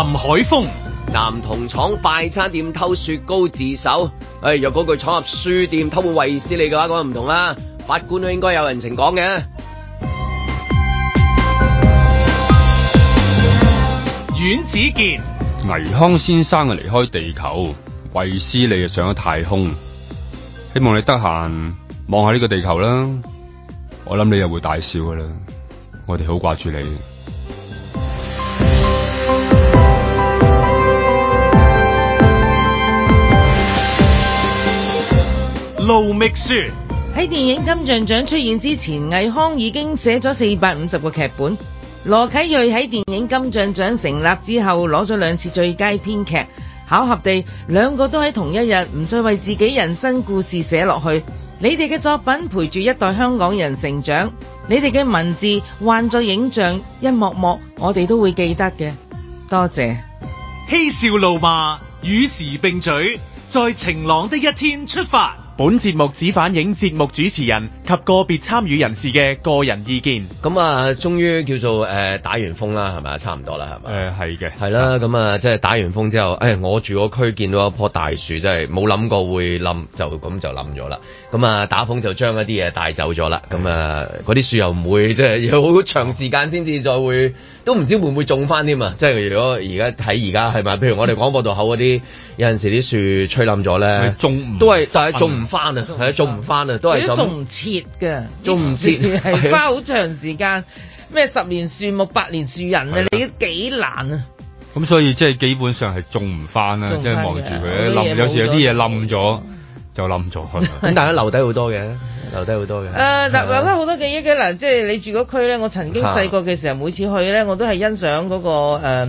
林海峰，男童廠快餐店偷雪糕自首。哎，若果佢闖入書店偷衛斯理嘅話，咁啊唔同啦。法官都應該有人情講嘅。阮子健，倪匡先生啊離開地球，衛斯理啊上咗太空。希望你得閒望下呢個地球啦，我諗你又會大笑噶啦。我哋好掛住你。盧覓雪喺電影金像獎出現之前，倪匡已經寫咗四百五十個劇本。羅啟銳喺電影金像獎成立之後，攞咗兩次最佳編劇。巧合地，兩個都喺同一日，唔再為自己人生故事寫落去。你哋嘅作品陪住一代香港人成長，你哋嘅文字幻咗影像一幕幕，我哋都會記得嘅。多謝嬉笑怒罵，與時並進，在晴朗的一天出發。本節目只反映節目主持人及個別參與人士嘅個人意見。咁啊，終於叫做誒、呃、打完風啦，係咪啊？差唔多啦，係咪？誒係嘅。係啦，咁啊，即係打完風之後，誒、哎、我住個區見到一棵大樹，真係冇諗過會冧，就咁就冧咗啦。咁啊，打風就將一啲嘢帶走咗啦。咁啊係嘅，嗰啲樹又唔會，即係有好長時間先至再會。都唔知會唔會種翻添啊！即係如果而家睇而家，係咪？譬如我哋廣播道口嗰啲，有陣時啲樹吹冧咗咧，種都係，但係種唔翻啊！係啊，種唔翻啊，都係都種唔切㗎，種唔切係花好長時間，咩十年樹木，百年樹人啊！你幾難啊！咁所以即係基本上係種唔翻啊。即係望住佢一冧，有時有啲嘢冧咗就冧咗，咁大家留底好多嘅。留低好多嘅，誒，uh, 留留低好多記憶嘅，嗱的，即係你住嗰區咧，我曾經細個嘅時候，每次去咧，我都係欣賞嗰、那個誒、呃、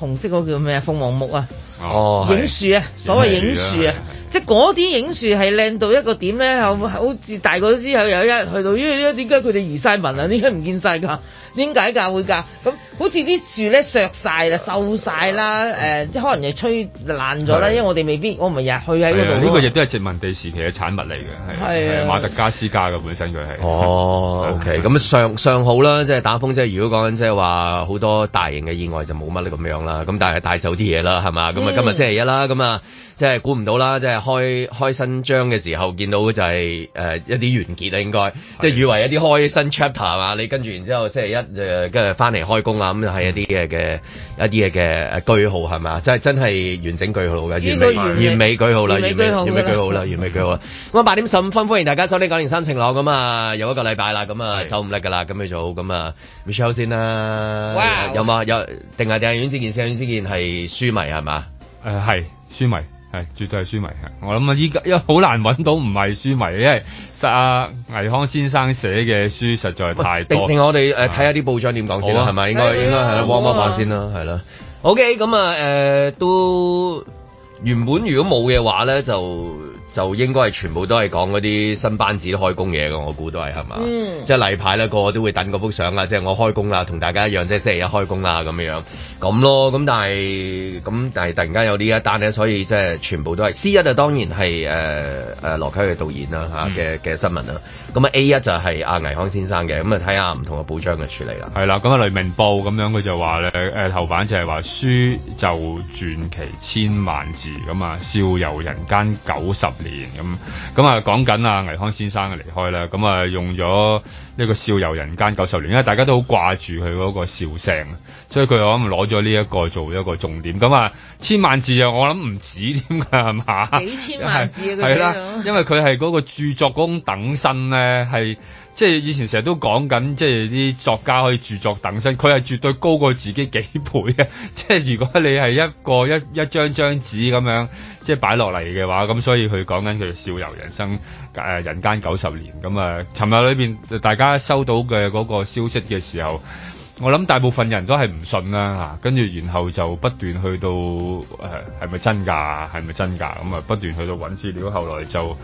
紅色嗰個叫咩啊，鳳凰木啊，哦、影樹啊，所謂影樹啊，即係嗰啲影樹係靚到一個點咧，後好似大個咗之後有，又一去到，咦咦，點解佢哋移晒民啊？點解唔見晒㗎？點解㗎會㗎？咁好似啲樹咧削晒啦，瘦晒啦，誒、呃，即係可能又吹爛咗啦。的因為我哋未必，我唔係日去喺嗰度。呢、呢個亦都係殖民地時期嘅產物嚟嘅，係係的馬特加斯加嘅本身佢係。哦，OK，咁上上好啦次，即係打風即係如果講緊即係話好多大型嘅意外就冇乜咧咁樣啦。咁但係帶走啲嘢啦，係嘛？咁啊，今日星期一啦，咁啊。即係估唔到啦！即係開開新章嘅時候，見到就係、是、誒、呃、一啲完結啦，應該即係以為一啲開新 chapter 係嘛？你跟住然之後，星期一誒跟住翻嚟開工啊，咁就係一啲嘅嘅一啲嘅嘅句號係嘛？即係真係完整句號嘅 juga 完美完美句號啦！完美句號啦！完美句號啦！咁啊，八、嗯、點十五分歡迎大家收聽九點三晴朗咁啊，有一個禮拜啦，咁啊走唔甩㗎啦，咁早咁啊，Michelle 先啦 Wow,，有冇有定係定係袁子健？袁子健係書迷係嘛？誒係書迷。係，絕對係書迷啊！我諗啊，依家因為好難揾到唔係書迷，因為實阿倪、啊、匡先生寫嘅書實在太多。定，定我哋誒睇下啲報章點講先啦，係咪、啊、應該 hey, 應該係啦？汪汪話先啦，係啦。OK，咁啊誒、呃、都原本如果冇嘅話咧就。就應該係全部都係講嗰啲新班子開工嘢嘅。我估都係係嘛，嗯、即係例牌啦，個個都會等嗰幅相啊，即係我開工啦，同大家一樣，即係星期一開工啦咁樣咁咯。咁但係咁但係突然間有呢一單咧，所以即係全部都係 C 一、呃呃、啊，當然係誒誒羅啟銳嘅導演啦嚇嘅嘅新聞啦。咁、嗯嗯、啊 A 一就係阿倪匡先生嘅，咁啊睇下唔同嘅報章嘅處理啦。係啦，咁啊例如《明報》咁樣佢就話咧誒頭版就係話書就傳奇千萬字咁啊，笑遊人間九十年咁咁啊，講緊啊，倪匡先生嘅離開啦，咁、嗯、啊、嗯、用咗呢個《笑遊人間》九十年，因為大家都好掛住佢嗰個笑聲，所以佢可能攞咗呢一個做一個重點。咁、嗯、啊、嗯，千萬字又我諗唔止添㗎，係嘛？幾千萬字啊，佢係，因為佢係嗰個著作嗰等身咧，係。即係以前成日都講緊，即係啲作家可以著作等身，佢係絕對高過自己幾倍嘅。即 係如果你係一個一一張張紙咁樣即係擺落嚟嘅話，咁所以佢講緊佢笑遊人生誒、呃，人間九十年。咁啊，尋日裏邊大家收到嘅嗰個消息嘅時候，我諗大部分人都係唔信啦、啊。跟住然後就不斷去到誒，係咪真㗎？係咪真㗎？咁啊，不斷去到揾資料，後來就。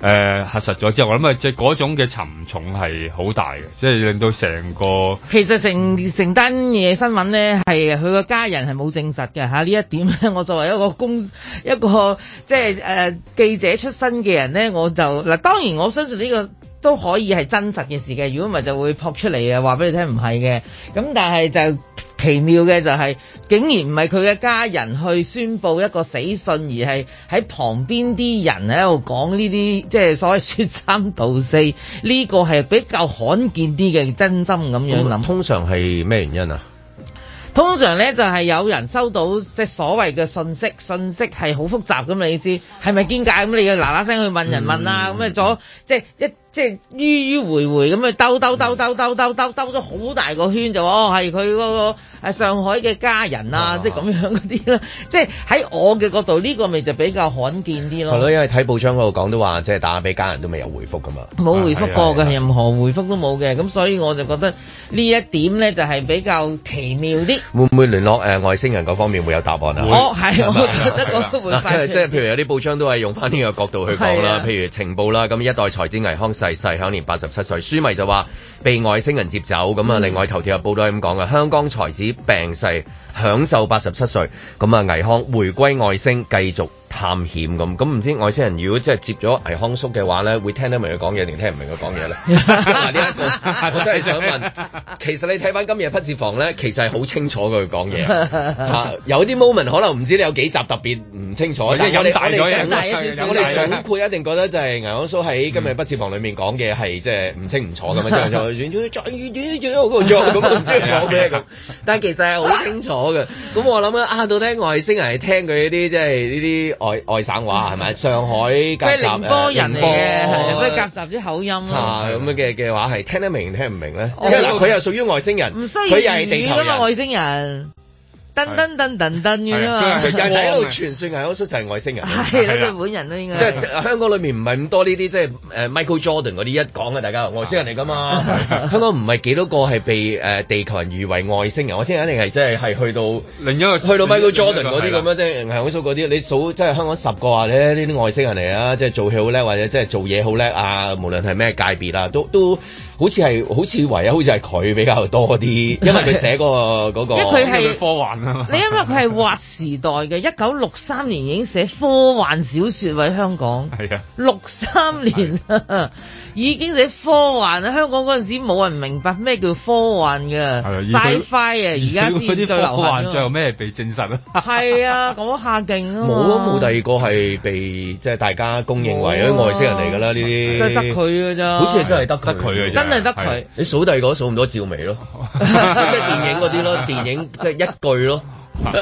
誒、呃、核實咗之後，我諗啊，即係嗰種嘅沉重係好大嘅，即係令到成個其實成成單嘢新聞咧，係佢個家人係冇證實嘅嚇呢一點咧。我作為一個公一個,一個即係誒、呃、記者出身嘅人咧，我就嗱當然我相信呢個都可以係真實嘅事嘅。如果唔係就會撲出嚟啊，話俾你聽唔係嘅咁，但係就奇妙嘅就係、是。竟然唔係佢嘅家人去宣布一個死訊，而係喺旁邊啲人喺度講呢啲，即係所謂說三道四，呢個係比較罕見啲嘅真心咁樣諗。通常係咩原因啊？通常呢就係有人收到即係所謂嘅信息，信息係好複雜咁，你知係咪見解咁？你要嗱嗱聲去問人問啊，咁啊咗即係一。即係迂迂回回咁去兜兜兜兜兜兜兜兜咗好大個圈，就話哦，係佢嗰個上海嘅家人啊，即係咁樣嗰啲啦，即係喺我嘅角度呢個咪就比較罕見啲咯。係咯，因為睇報章嗰度講都話，即係打俾家人都未有回覆噶嘛，冇回覆過嘅，任何回覆都冇嘅，咁所以我就覺得呢一點咧就係比較奇妙啲。會唔會聯絡誒外星人嗰方面會有答案啊？哦，係我覺得嗰個回覆即係譬如有啲報章都係用翻呢個角度去講啦，譬如情報啦，咁一代才子倪匡離世享年八十七歲，書迷就話被外星人接走。咁啊，另外、嗯、頭條嘅報道係咁講嘅，香港才子病逝，享壽八十七歲。咁啊，倪匡回歸外星，繼續。探險咁，咁唔知外星人如果真係接咗倪康叔嘅話咧，會聽得明佢講嘢定聽唔明佢講嘢咧？ 我真係想問，其實你睇返今日《筆試房》咧，其實係好清楚佢講嘢、 啊。有啲 moment 可能唔知你有幾集特別唔清楚。 但我哋我哋整我哋總括一定覺得就係倪康叔喺今日《筆試房》裡面講嘅係即係唔清唔楚咁樣，再遠遠再遠，但其實係好清楚嘅。咁我諗啊，到底外星人係聽佢一啲即係呢啲外外省話係咪、嗯？上海夾雜，係啊、呃，所以夾雜啲口音啊。咁的、啊、樣嘅嘅話係聽得明聽唔明咧。哦、因為嗱，佢又屬於外星人，佢、哦、又係地球人，外星人。等等等等，噔嘅嘛，而家喺度傳説，顏永蘇就係外星人，係啦，本人啦，應該即係香港裡面唔係咁多呢啲，即係誒 Michael Jordan 嗰啲一講嘅，大家外星人嚟噶嘛，香港唔係幾多個係被誒地球人譽為外星人，我先肯定係即係係去到另一個去到 Michael Jordan 嗰啲咁樣，即係顏永蘇嗰啲，你數即係香港十個話咧呢啲外星人嚟啊，即係做戲好叻或者即係做嘢好叻啊，無論係咩界別啦，都都。好似係，好似唯一，好似係佢比較多啲，因為佢寫嗰個嗰個。 嗰個、因為佢係科幻啊嘛， 你因為佢係劃時代嘅，一九六三年已經寫科幻小說，喎喺香港。係啊，六三年。已經就係科幻啦！香港嗰陣時冇人明白咩叫科幻㗎，係啊，sci-fi 啊，而家先再流行。科幻最後咩被證實啊？係啊，講下勁咯！冇啊，冇第二個係被即係大家公認為外星人嚟㗎啦，呢啲。真係得佢㗎咋？好似係真係得佢。得佢㗎。真係得佢。你數第二個，數唔到趙薇咯，即係電影嗰啲咯，電影即係一句咯。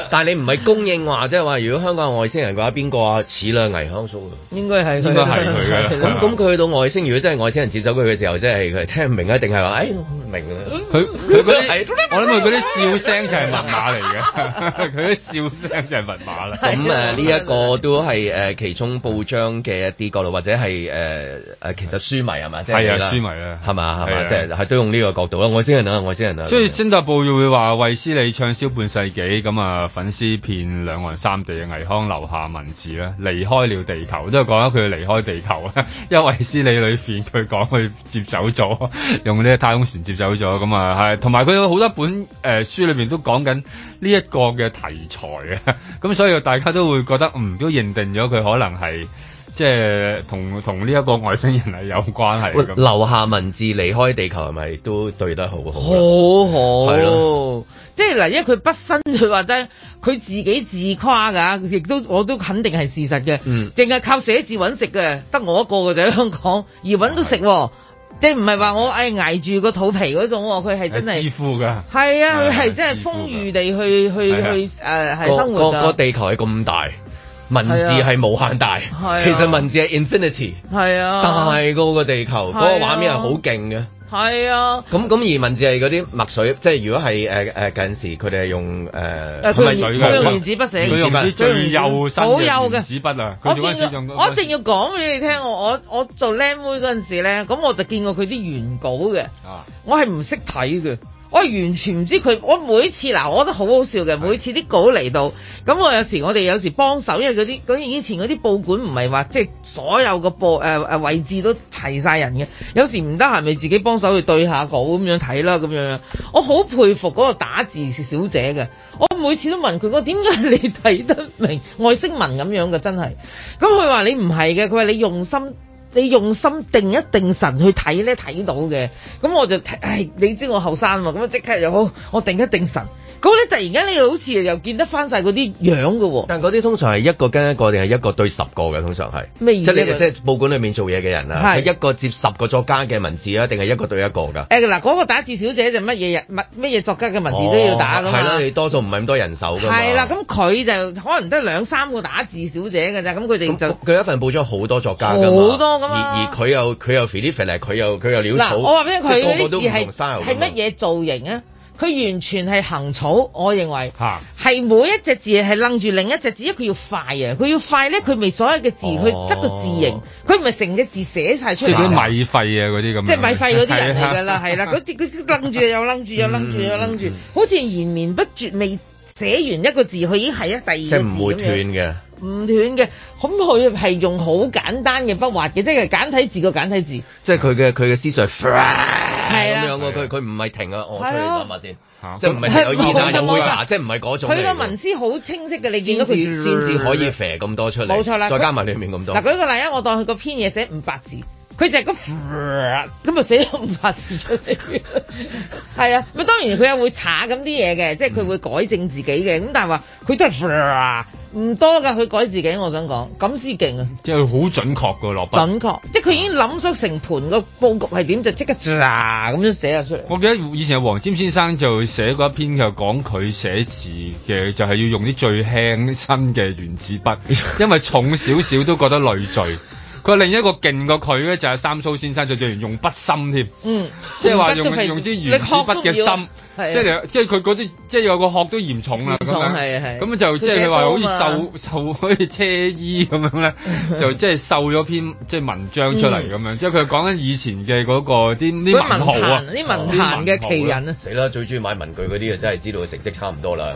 但係你唔係公認話，即係話如果香港係外星人嘅話，邊個似啦？倪匡叔應該係佢，應該係佢。咁咁佢去到外星，如果真係外星人接走佢嘅時候，即係佢聽唔明一定係話誒明啊？佢佢嗰啲我諗佢嗰啲笑聲就係密碼嚟嘅，佢啲笑聲就係密碼啦。咁誒呢一個都係誒其中報章嘅一啲角度，或者係誒誒其實書迷係嘛？係啊，書迷啊，係嘛係嘛，即係係都用呢個角度啦。外星人等外星人啊，所以《星際報》又會話衛斯理暢銷半世紀咁啊！啊！粉絲片《兩岸三地嘅倪匡留下文字咧，離開了地球都係講緊佢離開地球咧，因為衛斯理裏邊佢講佢接走咗，用呢個太空船接走咗咁啊，係同埋佢好多本誒、呃、書裏邊都講緊呢一個嘅題材嘅，咁、嗯、所以大家都會覺得嗯都認定咗佢可能係即係同同呢一個外星人係有關係喂樣留下文字離開地球係咪都對得好好，好好？好好係咯。即係嗱，因為佢不身，佢話齋，佢自己自誇㗎，亦都我都肯定係事實嘅。嗯，淨係靠寫字揾食嘅，得我一個嘅喺香港，而揾到食喎， 即係唔係話我誒捱、哎、住個肚皮嗰種喎，佢係真係。致富㗎。係啊，佢係真係風雨地去去、啊、去誒係、啊、生活㗎。個個地球係咁大，文字係無限大，啊、其實文字係 infinity。係啊。啊大過個地球嗰、嗰個畫面係好勁嘅。係啊，咁咁而文字係嗰啲墨水，即係如果係誒誒嗰陣時，佢哋係用誒誒墨水嘅。佢用原子筆寫，原子筆好幼嘅，好幼嘅。我見過，過我一定要講俾你聽，我我我做靚妹嗰陣時咧，咁我就見過佢啲原稿嘅，我係唔識睇嘅。啊啊我完全唔知佢，我每次嗱，我都好好笑嘅。每次啲稿嚟到，咁我有時我哋有時幫手，因為嗰啲嗰以前嗰啲報館唔係話即係所有嘅報誒誒位置都齊晒人嘅，有時唔得閒咪自己幫手去對下稿咁樣睇啦，咁樣樣。我好佩服嗰個打字小姐嘅，我每次都問佢，我點解你睇得明外星文咁樣嘅？真係，咁佢話你唔係嘅，佢話你用心。你用心定一定神去睇咧，睇到嘅。咁我就睇，唉，你知我後生嘛，咁啊即刻又好，我定一定神。咁你突然間你好似又見得翻晒嗰啲樣嘅喎，哦，但嗰啲通常係一個跟一個定係一個對十個嘅，通常係，咩意思？即係即係報館裏面做嘢嘅人啊，係是一個接十個作家嘅文字啊，定係一個對一個㗎？誒嗱、欸，嗰、那個打字小姐就乜嘢乜嘢作家嘅文字都要打㗎，係啦，你多數唔係咁多人手㗎嘛，係啦，咁佢就可能得兩三個打字小姐㗎咋，咁佢哋就佢一份報咗好多作家好多咁而而佢又佢又 fee 咧佢又佢又潦草，我即係是個佢字係係乜嘢造型啊？佢完全係行草，我認為係哈每一隻字係楞住另一隻字，因為佢要快啊！佢要快咧，佢未所有嘅字，佢得、哦、個字形，佢唔係成隻字寫晒出嚟。即係米芾啊！嗰啲咁。即係米芾嗰啲人嚟㗎啦，係啦，佢佢楞住又楞住又楞住又楞住，好似延綿不絕，未寫完一個字，佢已經係一第二隻字咁樣。唔斷嘅，咁佢係用好簡單嘅筆畫嘅，即係簡體字，個簡體字。即係佢嘅佢嘅思緒，係咁樣。佢佢唔係停啊，我出嚟諗下先，即係唔係有二大一華，即係唔係嗰種。佢個文思好清晰嘅，你見到佢先至可以肥咁多出嚟，冇錯啦，再加埋裏面咁多。嗱，舉個例啊，我當佢個篇嘢寫五百字。佢就係咁、嗯，咁啊寫咗五百字出嚟，係 啊，咪當然佢有會查咁啲嘢嘅，即係佢會改正自己嘅。咁但係話佢都係唔、嗯、多噶，佢改自己，我想講咁先勁啊，即係佢好準確個落筆，準確，即係佢已經諗出成盤個佈局係點，就即刻咁樣寫咗出嚟。我記得以前黃霑先生就寫過一篇就，就講佢寫字嘅就係要用啲最輕身嘅原子筆，因為重少少都覺得累贅。 個另一個勁過佢咧，就係三蘇先生，就做用筆心添，嗯，即係話用用啲原子筆嘅心，即係即係佢嗰啲，即係、啊就是、有個殼都嫌重啦，重係啊咁就即係話好似瘦瘦好似車衣咁樣咧， 就即係瘦咗篇即係文章出嚟咁樣，即係佢講緊以前嘅嗰、嗰個啲文，文豪啊，啲文壇嘅奇人啊，死啦！最中意買文具嗰啲啊，真係知道佢成績差唔多啦。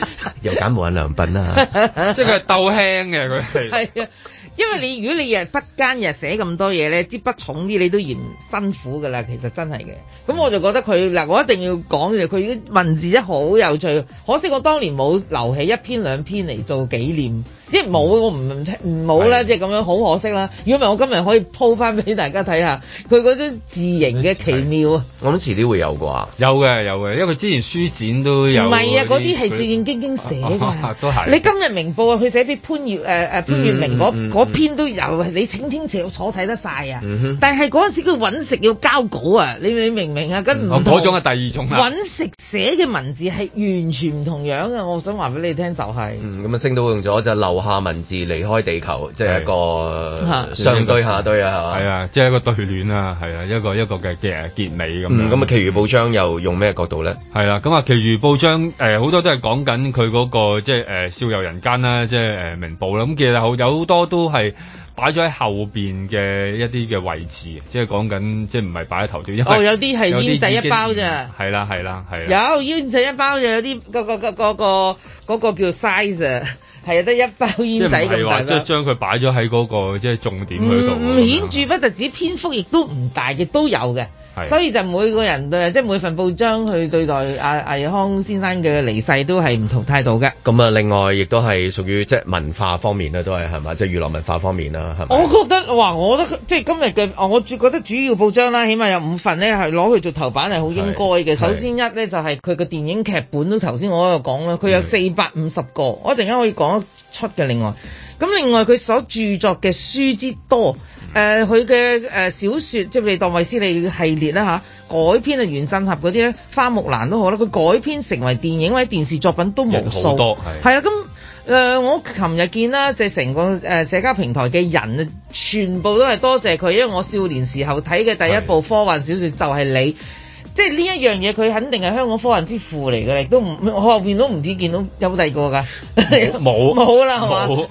又揀無印良品啦， 即係佢係鬥輕嘅佢係。係啊，因為你如果你日筆間日寫咁多嘢咧，支筆重啲你都嫌辛苦㗎啦。其實真係嘅。咁我就覺得佢嗱，我一定要講嘅，佢啲文字真好有趣。可惜我當年冇留起一篇兩篇嚟做紀念。即係冇，我唔唔冇啦，的即係咁樣好可惜啦。如果唔係，我今日可以鋪翻俾大家睇下佢嗰種字形嘅奇妙啊！欸欸、 我諗遲啲會有啩？有嘅，有嘅，因為佢之前書展都有。唔係啊，嗰啲係正正經經寫㗎。都係。你今日明報啊，佢寫啲潘月誒誒潘粵明嗰、嗯嗯嗯、篇都有你晴天坐坐睇得晒啊！嗯、但係嗰陣時佢揾食要交稿啊！你你明唔明，明啊？咁唔同、嗯。嗰種第二種啊！揾食寫嘅文字係完全唔同樣啊！我想話俾你聽就係、嗯。嗯，咁啊升到用咗就流、是。下文字離開地球，即係一個上對下對啊，係啊，即係一個對聯啊，係啊，一個一個嘅嘅結尾咁樣。嗯，咁啊，其餘報章又用咩角度咧？係啦，咁啊，其餘報章誒好多都係講緊佢嗰個即係誒笑遊人間啦，即係誒明報啦。咁其實有好多都係擺咗喺後邊嘅一啲嘅位置，即係講緊即係唔係擺喺頭條，因為有啲係煙仔一包咋，係啦係啦係啦，有煙仔一包就有啲嗰個嗰個嗰個嗰個叫 size 啊。係啊，得一包煙仔嘅，大即係將佢擺咗喺嗰個即係重點嗰度。唔唔、嗯、顯著不，不特止篇幅亦都唔大亦都有嘅。所以就每個人都係即係每份報章去對待阿倪匡先生嘅離世都係唔同態度嘅。咁啊，另外亦都係屬於即係文化方面啦，都係係嘛，即係娛樂文化方面啦，係我覺得哇，我覺得即係今日嘅我覺得主要報章啦，起碼有五份呢，係攞去做頭版係好應該嘅。首先一呢，就係佢個電影劇本都頭先我喺度講啦，佢有四百五十個，嗯、我一陣間可以講出嘅。另外，咁另外佢所著作嘅書之多。誒佢嘅誒小説，即係《衛斯理系列啦嚇，啊，改編啊原振俠嗰啲咧，花木蘭都好啦，佢改編成為電影或者電視作品都無數，係啊，咁誒、呃，我琴日見啦，即係成個誒、呃、社交平台嘅人啊，全部都係多謝佢，因為我少年時候睇嘅第一部科幻小説就係你。的即係呢一樣嘢，佢肯定係香港科幻之父嚟嘅。亦都唔我後邊都唔知見到有冇第二個㗎？冇冇啦，係嘛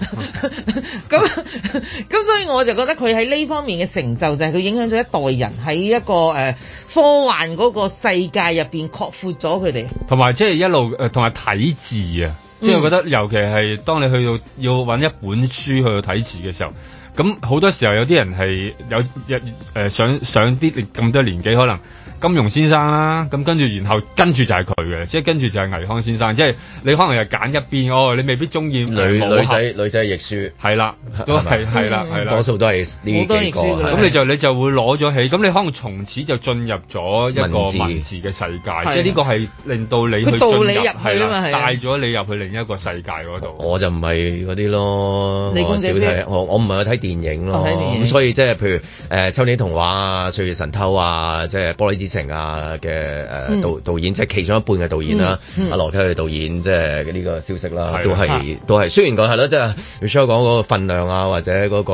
咁咁？所以我就覺得佢喺呢方面嘅成就就係佢影響咗一代人喺一個誒科幻嗰個世界入邊擴闊咗佢哋，同埋即係一路誒，同埋睇字啊，即係我覺得尤其係當你去到要揾一本書去到睇字嘅時候，咁好多時候有啲人係有日誒上上啲咁多年紀，可能。金庸先生啦，咁跟住然後跟住就係佢嘅，即係跟住就係倪匡先生，即係你可能又揀一邊哦，你未必中意女女仔女仔亦言書，係啦，係係啦，係啦，多數都係呢幾個。咁你就你就會攞咗起，咁你可能從此就進入咗一個文字嘅世界，即係呢個係令到你去進入係帶咗你入去另一個世界嗰度。我就唔係嗰啲咯，我少睇，我唔係去睇電影咯，咁所以即係譬如誒《秋天童話》啊，《歲月神偷》啊，即係《玻璃成啊嘅誒導導演即係其中一半嘅導演啦，阿羅啟嘅導演即係呢個消息啦，都係都係。雖然講係啦，即係你 show 講嗰個分量啊，或者嗰個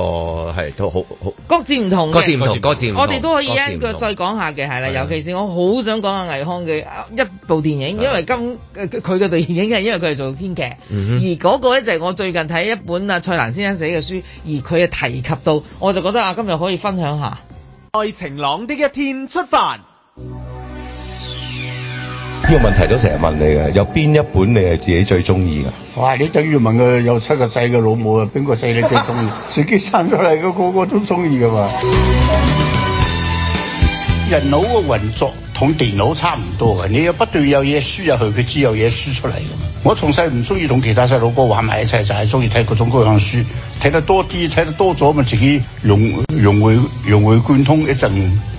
係都好好各自唔同，各自唔同，各自唔同。我哋都可以再再講下嘅係啦，尤其是我好想講下倪匡嘅一部電影，因為今佢嘅電影係因為佢係做編劇，而嗰個咧就係我最近睇一本啊蔡瀾先生寫嘅書，而佢啊提及到，我就覺得啊今日可以分享下《在晴朗的一天出發》。呢個問題都成日問你嘅，有邊一本你係自己最中意嘅？哇！你等於問佢有七個仔嘅老母啊，邊個仔你最中意？ 自己生出嚟嘅，個個都中意嘅嘛？人腦嘅運作同電腦差唔多嘅，你又不斷有嘢輸入去，佢知有嘢輸出嚟嘅。我從細唔中意同其他細佬哥玩埋一齊，就係中意睇各種各樣書，睇得多啲，睇得多咗咪自己融融會融會貫通一陣，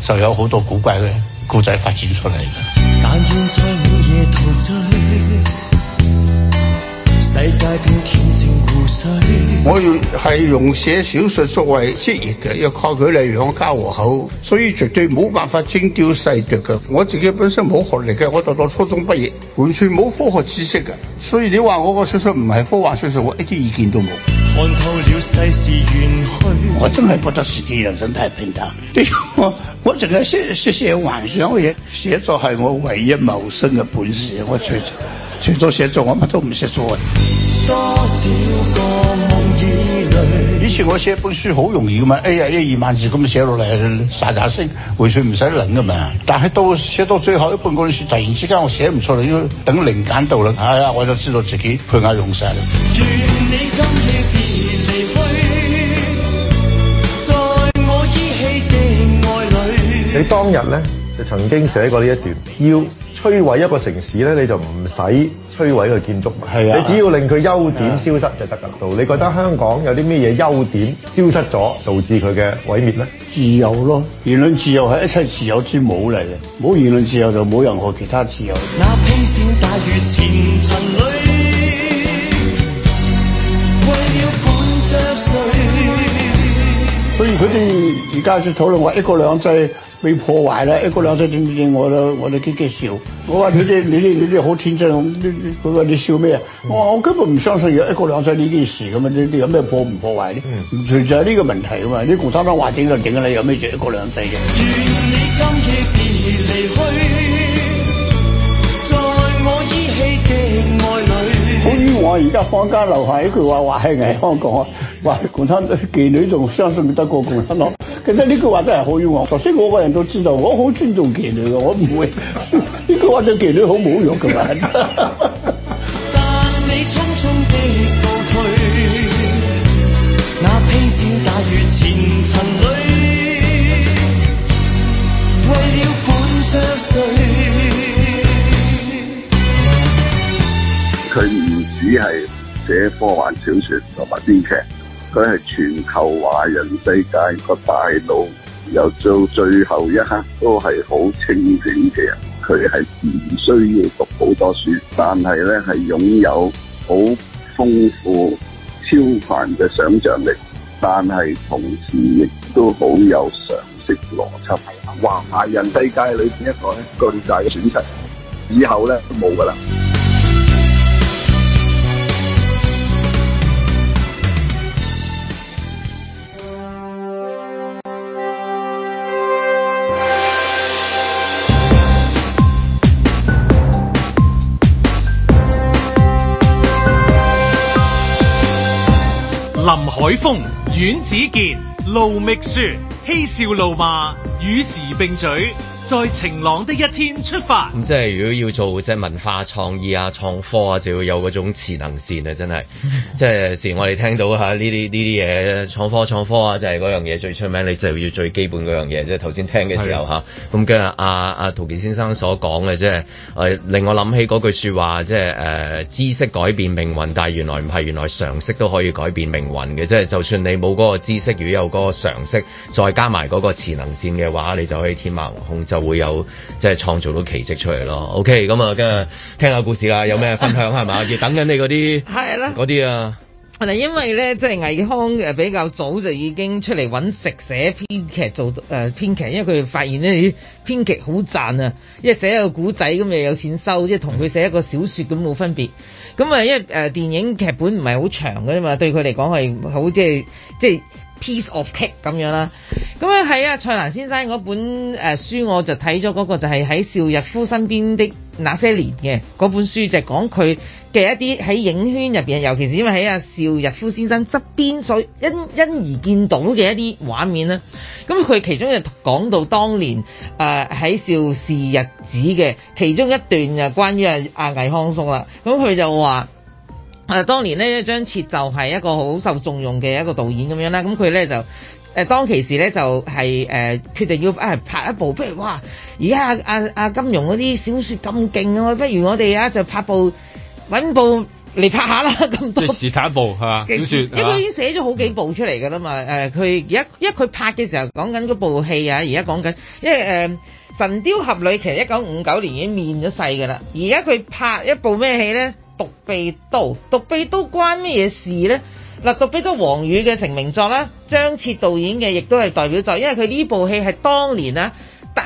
就有好多古怪嘅。故仔發展出嚟。但願在午夜同醉，世界變天。我要係用寫小說作為職業嘅，要靠佢嚟養家糊口，所以絕對冇辦法精雕細琢嘅。我自己本身冇學歷嘅，我讀到初中畢業，完全冇科學知識嘅，所以你話我個小說唔係科幻小說，我一啲意見都冇。看透了世事遠去，我真係覺得自己人生太平淡。 我淨係寫寫寫幻想嘅嘢，寫作係我唯一謀生嘅本事。我除除咗寫作，我乜都唔識做。多少個夢以類，以前我寫一本書好容易噶嘛，哎呀一二萬字咁寫落嚟，喳喳聲，回旋唔使諗噶嘛。但係到寫到最後一半嗰本書，突然之間我寫唔出嚟，要等靈感到啦，係、哎、啊，我就知道自己配額用晒啦。願你今夜別離去，在我依稀的愛裡。你當日咧就曾經寫過呢一段，要摧毀一個城市咧，你就唔使。摧毀個建築物，啊、你只要令佢優點消失就得噶啦。到、啊、你覺得香港有啲咩嘢優點消失咗，導致佢嘅毀滅咧？自由咯，言論自由係一切自由之母嚟嘅，冇言論自由就冇任何其他自由。那披星戴月前塵裏，為了伴着誰。所以佢哋而家喺度討論話一國兩制。被破壞啦！一國兩制點點點，我哋我哋笑。我話你哋你你好天真咁。佢話你笑咩啊？我話我根本唔相信有一國兩制呢件事咁啊！啲啲有咩破唔破壞咧？唔存在呢個問題啊嘛！你共產黨話點就點啦，有咩啫？一國兩制嘅。願你今夜別離去。在我而家坊間留下一句話，話喺香港啊，話共產黨妓女仲相信唔得過共產黨？其實呢句話真係好惡毒，所以我個人都知道，我好尊重妓女嘅，我唔會呢 句話對妓女好侮辱嘅。 但你匆匆地告退，那披星戴月前塵裏，為了伴著誰？佢唔止係寫科幻小説同埋編劇。佢係全球華人世界個大腦，由做最後一刻都係好清醒嘅人。佢係唔需要讀好多書，但係咧係擁有好豐富超凡嘅想像力，但係同時亦都好有常識邏輯。華人世界裏邊一個巨大嘅損失，以後咧都冇㗎啦。海峰、阮子健、盧覓雪、嬉笑怒罵、與時並舉。在晴朗的一天出發，咁即係如果要做即係文化創意啊、創科啊，就要有嗰種磁能線啊！真係， 即係時我哋聽到吓呢啲呢啲嘢，創科創科啊，就係嗰樣嘢最出名。你就要最基本樣嘢，即係頭先聽嘅時候吓，咁跟住阿阿陶健先生所講嘅，即係誒令我諗起句說話，即係誒知識改變命運，但係原來唔係原來常識都可以改變命運嘅。即係就算你冇個知識，如果有個常識，再加埋個磁能線嘅話，你就可以天馬行空就會有即係創造到奇蹟出嚟咯。OK，咁啊，跟住聽下故事啦，有咩分享係嘛？ 要等緊你嗰啲係啦，嗰啲的些啊。嗱，因為咧，即、就、係、是、魏康嘅比較早就已經出嚟揾食寫編劇做誒、呃、編劇，因為佢發現咧啲編劇好賺啊，因為寫一個古仔咁又有錢收，即係同佢寫一個小説咁冇分別。咁啊、嗯，因為誒、呃、電影劇本唔係好長嘅啫嘛，對佢嚟講係好即係即係。即 piece of cake 咁樣啦，咁啊喺啊蔡瀾先生嗰本誒、呃、書我就睇咗嗰個就係喺邵逸夫身邊的那些年嘅本書就係講佢嘅一啲喺影圈入邊，尤其是因為喺啊邵逸夫先生側邊所因因而見到嘅一啲畫面啦。咁佢其中就講到當年誒喺邵氏日子嘅其中一段就關於阿啊倪匡叔啦，咁、嗯、佢就話。誒、啊，當年咧，張徹就係一個好受重用嘅一個導演咁樣啦、啊。咁佢咧就誒、呃、當其時咧就係、是、誒、呃、決定要啊拍一部，不如哇！而家阿阿金庸嗰啲小說咁勁、啊，不如我哋啊就拍部揾部嚟拍下啦咁多。即時睇一部係嘛？小說，因為佢已經寫咗好幾部出嚟㗎啦嘛。誒、呃，佢而家因為佢拍嘅時候講緊嗰部戲啊，而家講緊，因為誒、呃《神雕俠侶》其實一九五九年已經面咗世㗎啦。而家佢拍一部咩戲咧？獨臂刀，獨臂刀關咩嘢事呢？嗱，獨臂刀王羽嘅成名作啦，張徹導演嘅亦都係代表作，因為佢呢部戲係當年啦，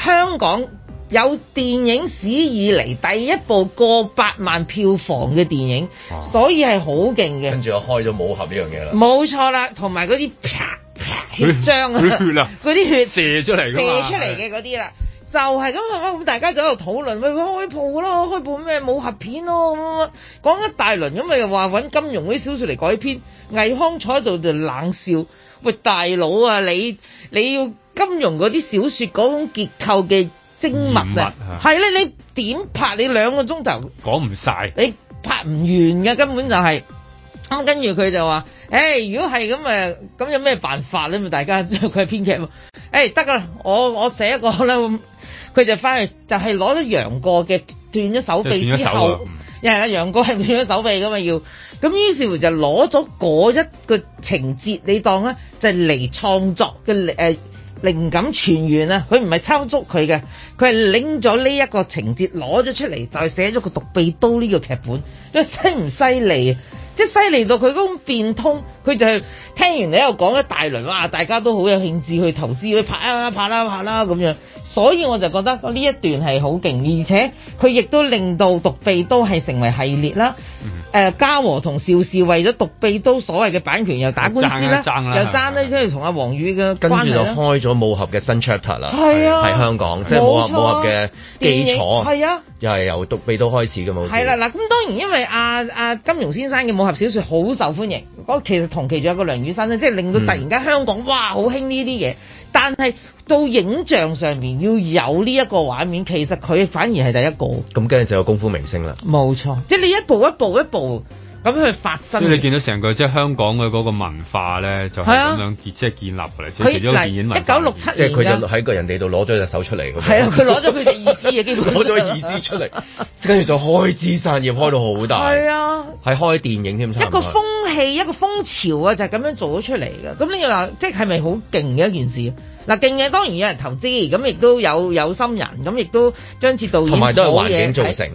香港有電影史以嚟第一部過百萬票房嘅電影，所以係好勁嘅。跟住我開咗武俠呢樣嘢啦，冇錯啦，同埋嗰啲啪啪血漿 血血了啊，嗰啲血射出嚟，射出嚟嘅嗰啲啦。就係咁啊！咁大家就喺度討論，咪開鋪咯，開鋪咩武俠片咯咁啊！講一大輪咁咪又話揾金庸啲小説嚟改編。魏康坐喺度就冷笑：喂，大佬啊，你你要金庸嗰啲小説嗰種結構嘅精密啊，係咧，你點拍？你兩個鐘頭講唔晒，你拍唔完嘅，根本就係、是、咁。跟住佢就話：，誒、hey,，如果係咁誒，咁、啊、有咩辦法咧？大家佢係編劇，誒得㗎，我我寫一個啦。 佢就翻去就係攞咗楊過嘅斷咗手臂之後，因為咧楊過係斷咗手臂噶嘛要，咁於是乎就攞咗嗰一個情節，你當啊就嚟創作嘅誒、呃、靈感泉源啊，佢唔係抄足佢嘅，佢係拎咗呢一個情節攞咗出嚟，就係、是、寫咗個獨臂刀呢、這個劇本。你犀唔犀利啊？即係犀利到佢嗰種變通，佢就係聽完你又講一大輪，哇！大家都好有興致去投資去拍啦、啊、拍啦、啊、拍啦、啊、咁、啊啊、樣。所以我就覺得呢一段係好勁，而且佢亦都令到獨臂刀成為系列啦。誒，嘉禾同邵氏為咗獨臂刀所謂嘅版權又打官司啦，又爭呢，即係同阿王羽嘅跟住就開咗武俠嘅新 chapter 啦，喺香港即係武俠武俠嘅基礎，係啊，又係由獨臂刀開始嘅武俠。係啦，嗱咁當然因為阿阿金庸先生嘅武俠小説好受歡迎，嗰其實同期仲有個梁羽生咧，即係令到突然間香港哇好興呢啲嘢。但係到影像上面要有呢一個畫面，其實佢反而係第一個。咁跟住就有功夫明星啦，冇錯，即係你一步一步一步。咁佢發生，所以你見到成個即係香港嘅嗰個文化咧，就係、是、咁樣即係建立嚟。佢嚟、啊、他一九六七年，佢就喺個人哋度攞咗隻手出嚟。係啊，佢攞咗佢隻二枝啊，基本攞咗二枝出嚟，跟住 就開枝散葉，開到好大。係啊，係開電影添一個風氣，一個風潮啊，就係、是、咁樣做咗出嚟嘅。咁你嗱，即係係咪好勁嘅一件事？嗱，勁嘅當然有人投資，咁亦都有有心人，咁亦都將啲導演。同埋都係環境造成。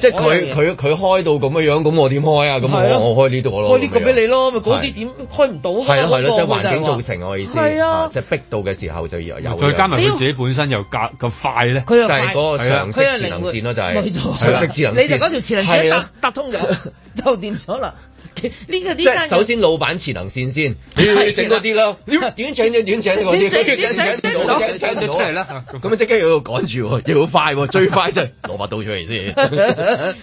即係佢佢佢開到咁嘅樣，咁我點開啊？咁我我開呢度咯，開呢個俾你咯，咪嗰啲點開唔到開呢個？就係環境造成我意思，係啊，即係逼到嘅時候就又又，再加埋佢自己本身又夾咁快咧，就係嗰個常識智能線咯，就係常識智能線，你就嗰條智能線搭搭通就就掂咗啦。呢個啲即係首先老闆潛能線先，你要整多啲咯，短請啲短請啲，我我請請請請出嚟啦，咁啊即刻要趕住喎，要好快喎，最快就蘿蔔刀出嚟先，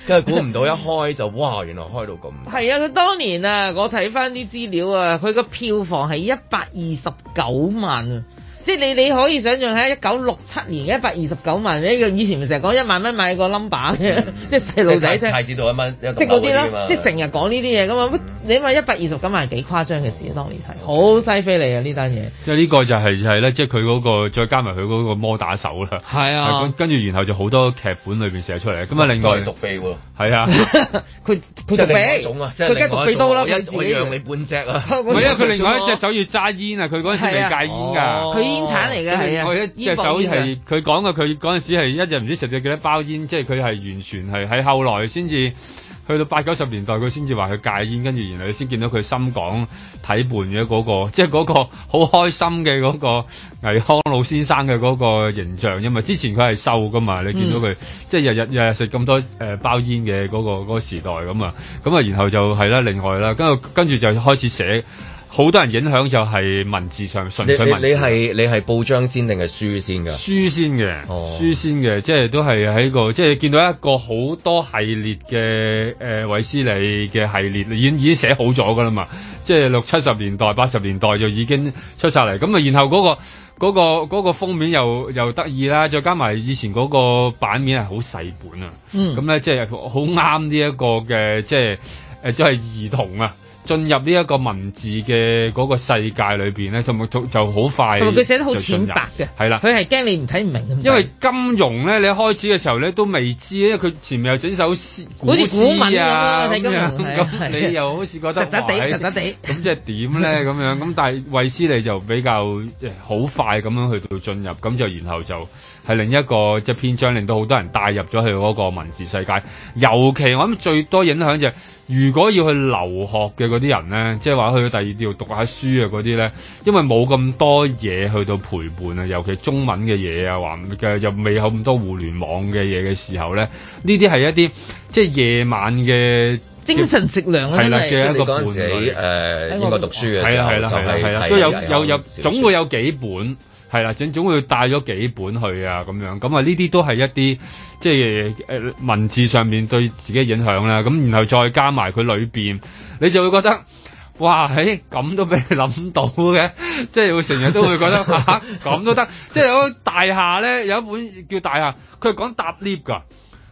跟住估唔到一開就哇原來開到咁，係啊，佢當年啊，我睇翻啲資料啊，佢個票房係一百二十九萬啊。即係你你可以想象喺一九六七年一百二十九萬，呢個以前咪成日講一萬蚊買個冧把嘅，即係細路仔聽太子道一蚊，即嗰啲咯，即係成日講呢啲嘢咁嘛。你買一百二十九萬幾誇張嘅事啊！當年係好犀飛利啊！呢單嘢，即係呢個就係係咧，即係佢嗰個再加埋佢嗰個摩打手啦。係啊，跟住然後就好多劇本裏邊寫出嚟。咁啊，另外毒飛喎，係啊，佢佢毒鼻，佢而家毒刀啦，佢自己用你半隻啊。係啊，佢另外一隻手要揸煙啊，佢嗰陣時未戒煙㗎。煙產嚟嘅係啊，即係首先係佢講嘅，佢嗰陣時係一日唔知食咗幾多包煙，即係佢係完全係喺後來先至去到八九十年代，佢先至話佢戒煙，跟住然後先見到佢心廣體胖嘅嗰個，即係嗰個好開心嘅嗰個倪匡老先生嘅嗰個形象，因為之前佢係瘦噶嘛，你見到佢、嗯、即係日日日日食咁多誒包煙嘅嗰個嗰、嗰個時代咁啊，咁啊然後就係啦，另外啦，跟住跟住就開始寫。好多人影響就係文字上純粹文字。你你係你係報章先定係書先㗎？書先嘅，oh. 書先嘅，即係都係喺個即係見到一個好多系列嘅誒，衛斯理嘅系列已經已經寫好咗㗎啦嘛。即係六七十年代、八十年代就已經出晒嚟咁啊。然後嗰個嗰個嗰個嗰個封面又又得意啦，再加埋以前嗰個版面係好細本啊。咁咧、mm. 嗯、即係好啱呢一個嘅即係誒，即係兒童啊。進入呢一個文字嘅嗰個世界裏邊咧，同埋就好快就。佢寫得好淺白嘅，係啦，佢係驚你唔睇唔明，因為金庸咧，你一開始嘅時候咧都未知，因為佢前面又整首詩，古文啊，咁樣咁，你又好似覺得窒窒地、窒窒地，咁即係點咧咁樣？咁但係衛斯理就比較好快咁樣去到進入，咁就然後就係另一個即係篇章，令到好多人帶入咗去嗰個文字世界。尤其我諗最多影響就係、是。如果要去留學嘅嗰啲人咧，即係話去第二度讀下書啊嗰啲咧，因為冇咁多嘢去到陪伴啊，尤其中文嘅嘢啊，話嘅又未有咁多互聯網嘅嘢嘅時候咧，呢啲係一啲即係夜晚嘅精神食糧啊真係。係啦嘅一個伴，即係嗰陣時誒，應該、呃、讀書嘅時候係啦就係睇嘅。都有有、就係、有，總會有幾本。係啦，總總會帶咗幾本去啊，咁樣咁啊，呢啲都係一啲即係誒、呃、文字上面對自己影響啦。咁然後再加埋佢裏邊，你就會覺得哇！誒、欸、咁都俾你諗到嘅，即係會成日都會覺得吓，咁都得。即係嗰大廈咧有一本叫大廈，佢講搭 lift 㗎，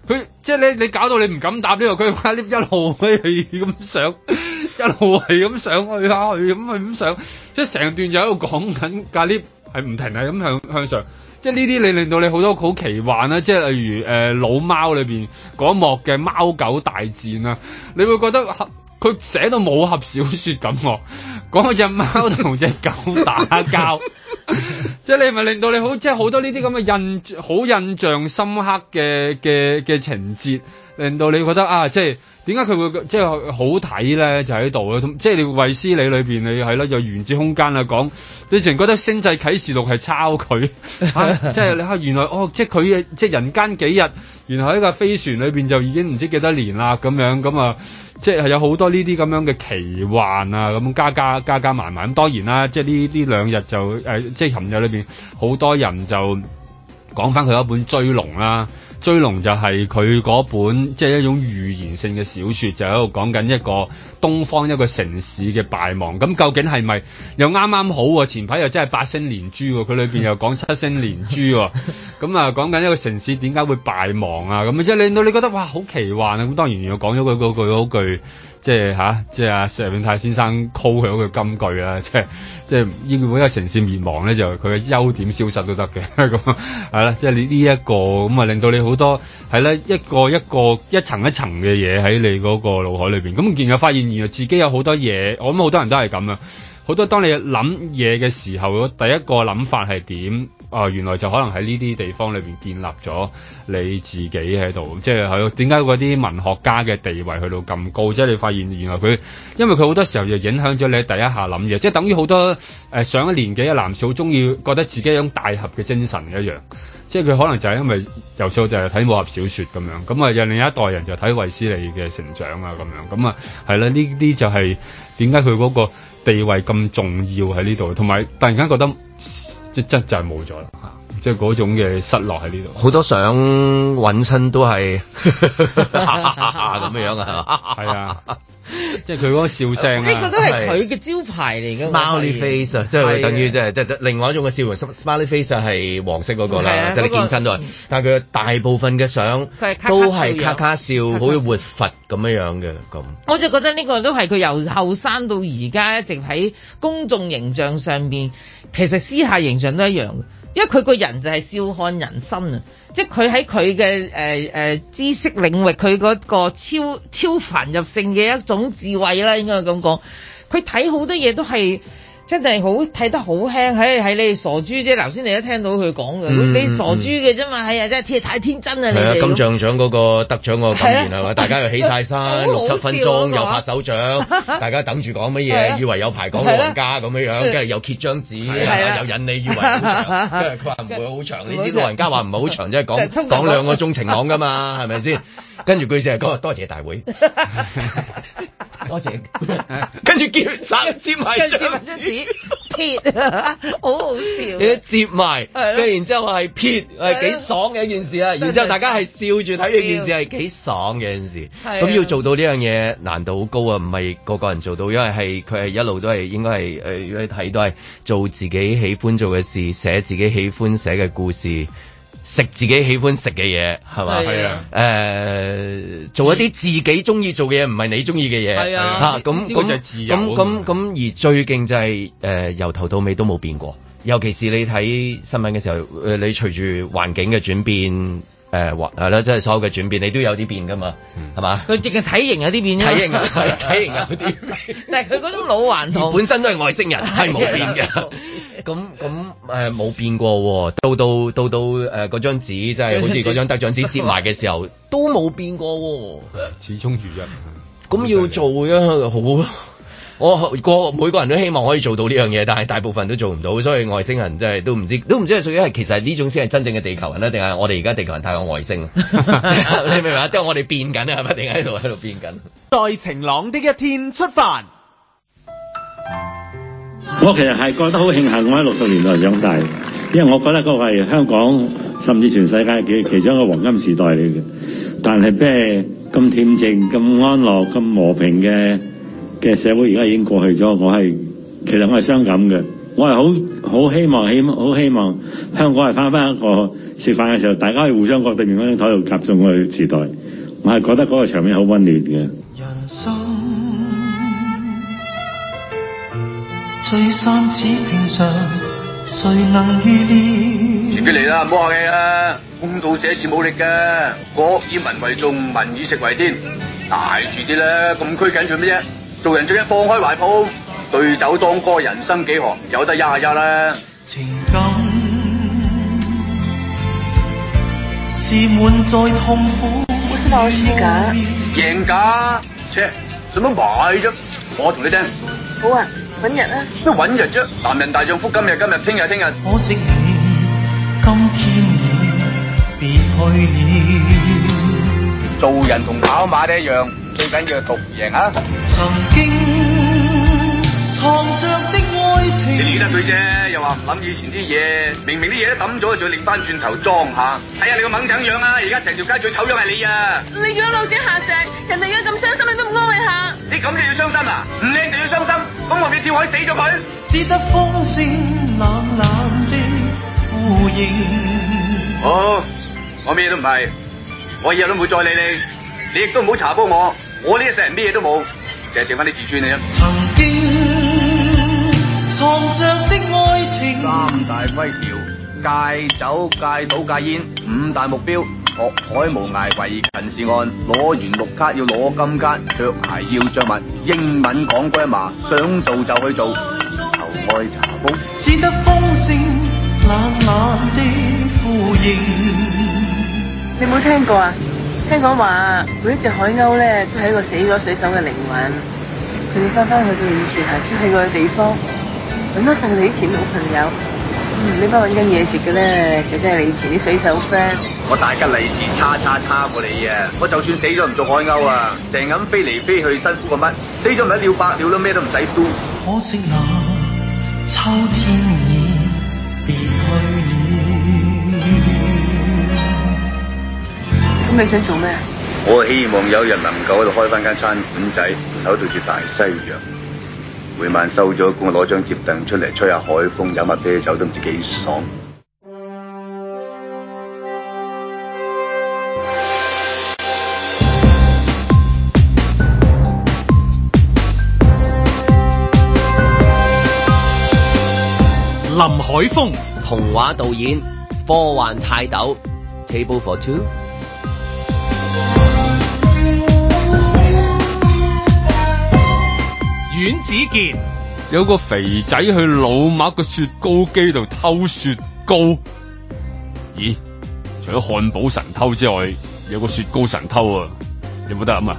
佢即係咧你，你搞到你唔敢搭呢度，佢 lift 一路係咁上，一路係咁上去下去咁去咁上，即係成段就喺度講緊係唔停係咁向向上，即係呢啲你令到你好多好奇幻咧，啊，即係例如誒、呃《老貓》裏邊嗰一幕嘅貓狗大戰啊，你會覺得合佢寫到武俠小説咁喎，講嗰隻貓同隻狗打交， 即係你咪令到你好即係好多呢啲咁嘅印象好印象深刻嘅嘅嘅情節，令到你覺得啊即係。點解佢會即係好睇咧？就喺度咧，即係你裡裡《衛斯理》裏邊你係咯，就原子空間啊，講你淨覺得《星際啟示錄》係抄佢，即係你嚇原來哦，即係佢嘅即係人間幾日，原來喺個飛船裏邊就已經唔知幾多年啦咁樣，咁啊即係有好多呢啲咁樣嘅奇幻啊，咁加加加加埋埋咁，當然啦，即係呢呢兩日就誒、呃，即係琴日裏邊好多人就講翻佢一本《追龍》啦。追龍就係佢嗰本，即、就、係、係、一種預言性嘅小説，就喺度講緊一個東方一個城市嘅敗亡。咁究竟係咪又啱啱好喎、啊？前排又真係八星連珠喎、啊，佢裏邊又講七星連珠喎。咁啊，講緊、啊、一個城市點解會敗亡啊？咁即係令到你覺得哇，好奇幻啊！咁當然又講咗佢嗰句嗰句。即係嚇，即係阿石永泰先生高響嘅金句啦，即係即係，每一個城市滅亡咧，就佢嘅優點消失都得嘅咁，係啦，即係呢呢一個咁啊，令到你好多係啦，一個一個一層一層嘅嘢喺你嗰個腦海裏邊，咁見我發現原來自己有好多嘢，我諗好多人都係咁啊，好多當你諗嘢嘅時候，第一個諗法係點？啊、哦，原來就可能喺呢啲地方裏邊建立咗你自己喺度，即係係咯。點解嗰啲文學家嘅地位去到咁高？即係你發現原來佢，因為佢好多時候就影響咗你第一下諗嘢，即係等於好多誒、呃、上一年紀嘅男士好中意覺得自己一種大俠嘅精神一樣，即係佢可能就係因為由細就係睇武俠小說咁樣，咁啊又另一代人就睇衛斯理嘅成長啊咁樣，咁啊係啦，呢啲就係點解佢嗰個地位咁重要喺呢度，同埋突然間覺得。即係就係冇咗啦嚇。即係嗰種嘅失落，喺呢度好多相搵親都係咁 樣樣子啊， 啊，係啊，即係佢嗰個笑聲呢、啊、 個都係佢嘅招牌嚟嘅。是 Smiley face 的即係等於即係即另外一種嘅笑 Smiley face 係黃色嗰個啦，即係健身都係，那個、但係佢大部分嘅相都係咔咔笑，好似活佛咁樣樣嘅咁。我就覺得呢個都係佢由後生到而家一直喺公眾形象上邊，其實私下形象都一樣。因為佢個人就係笑看人生啊，即係佢喺佢嘅誒誒知識領域，佢嗰個超超凡入聖嘅一種智慧啦，應該係咁講。佢睇好多嘢都係。真係好睇得好輕，喺係你傻豬啫！頭先你一聽到佢講嘅，你傻豬嘅啫嘛，係啊，真係太天真啊！你哋金像獎嗰個得獎嗰個感言係嘛？大家又起晒身，六七分鐘又拍手掌，大家等住講乜嘢？以為有排講老人家咁樣樣，跟住又揭張紙，又引你以為好長，跟住佢話唔會好長，你知老人家話唔係好長，即係講講兩個鐘情網噶嘛，係咪先？跟住佢成日講多謝大會，多謝。跟住叫手接埋張紙，撇，好好笑。你接埋，跟然之後係撇，係幾爽嘅一件事啦。然之後大家係笑住睇呢件事係幾爽嘅一件事。咁要做到呢樣嘢難度好高啊，唔係個個人做到，因為係佢係一路都係應該係誒，睇都係做自己喜歡做嘅事，寫自己喜歡寫嘅故事。食自己喜歡食嘅嘢係嘛？係啊，誒、呃，做一啲自己中意做嘅嘢，唔係你中意嘅嘢。係啊，吓、啊，咁咁就自由咁咁咁，而最勁就係、是、誒、呃，由頭到尾都冇變過。尤其是你睇新聞嘅時候，你隨住環境嘅轉變，或係啦，即係所有嘅轉變，你都有啲變噶嘛，係嘛、嗯吧？佢即嘅體型有啲變啫、啊。 體型係，體型有啲。 但係佢嗰種腦還痛老頑童。本身都係外星人，係冇 變㗎。咁咁誒冇變過喎、啊，到到到到誒嗰、呃、張紙，即係好似嗰張得獎紙接埋嘅時候， 都冇變過喎、啊。始終如一。咁、嗯、要做嘅好。我個每個人都希望可以做到呢樣嘢，但係大部分都做唔到，所以外星人真係都唔知，都唔知係屬於係其實呢種先係真正嘅地球人咧，定係我哋而家地球人太過外星 你明唔明啊？即係我哋變緊啊，不斷喺度喺度變緊。在晴朗的一天出發。 我其實係覺得好慶幸我喺六十年代長大，因為我覺得嗰個係香港甚至全世界嘅其中一個黃金時代嚟嘅。但係，咩咁恬靜、咁安樂、咁和平嘅？即係社會而家已經過去咗，我係其實我係傷感嘅。我係好好希望，希好希望香港係翻返一個食飯嘅時候，大家係互相各對面嗰張台度夾餸嘅時代。我係覺得嗰個場面好溫暖嘅。自己嚟啦，唔好客氣啊！公道寫字冇力㗎，國以民為重，民以食為天，大住啲啦，咁拘謹做咩啫？做人最緊要放開懷抱，對酒當歌，人生幾何，有得一啊一啦。情感是滿載痛苦。我想買個輸架。贏架，切，想乜買啫？我同你聽。好啊，揾日啊。乜揾日啫？男人大丈夫今，今日今日，聽日聽日。可惜你今天已別去了。做人同跑馬咧一樣。最緊要係讀贏啊！曾經藏着的愛情，你理得佢啫，又話唔諗以前啲嘢，明明啲嘢都抌咗，就拎翻轉頭裝下。睇、哎、下你個掹憎樣啊！而家成條街最醜咗係你啊！你養老者下石，人哋養咁傷心，你都唔安慰下？你咁就要傷心啊？唔靚就要傷心？咁我咪跳海死咗佢！只得風扇冷冷的呼應。好、哦，我咩都唔係，我以後都唔會再理你，你亦都唔好查幫我。我呢一世人咩嘢都冇，就係剩翻啲自尊你啊，曾經藏着的愛情。三大規條：戒酒、戒賭、戒煙。五大目標：學海無涯，唯勤是岸。攞完綠卡要攞金卡，着鞋要着襪。英文講歸阿嫲，想做就去做。頭蓋茶煲。只得風聲冷冷的呼應。你有冇聽過啊？聽講話，每一隻海鷗咧都係一個死咗水手嘅靈魂，佢哋翻翻去到以前頭先去過嘅地方，搵多晒啲錢老朋友，唔理得搵緊嘢食嘅咧，就真係你以前啲水手 friend。我大吉利是叉叉叉過你啊！我就算死咗唔做海鷗啊，成日咁飛嚟飛去辛苦過乜，死咗咪一了百了咯，咩都唔使嘟，可惜，秋天。你想做咩？我希望有人能夠喺度開翻間餐館仔，喺度住大西洋，每晚收咗工攞張折凳出嚟，吹下海風，飲下啤酒，都唔知幾爽。林海峰，童話導演，科幻泰斗，Table for Two。阮子健，有個肥仔去老麥個雪糕機度偷雪糕，咦？除咗漢堡神偷之外，有個雪糕神偷啊！有冇得諗啊？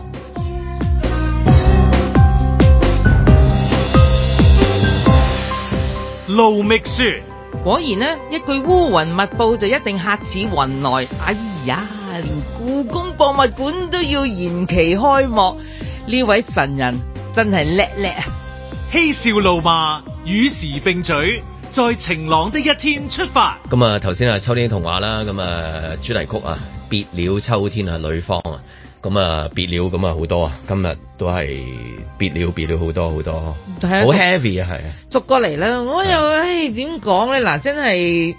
盧覓雪，果然咧，一句烏雲密布就一定吓似雲來，哎呀！故宮博物館都要延期開幕，呢位神人真係叻叻啊！嬉笑怒罵，與時並舉，在晴朗的一天出發。咁啊，頭先啊，秋天童話啦，咁啊，主題曲啊，別了秋天啊，呂方啊，咁啊，別了，咁啊，好多啊，今日都係別了，別了好多好多，好 heavy 啊，係啊，捉過嚟啦，我又，唉、哎，點講咧？嗱，真係。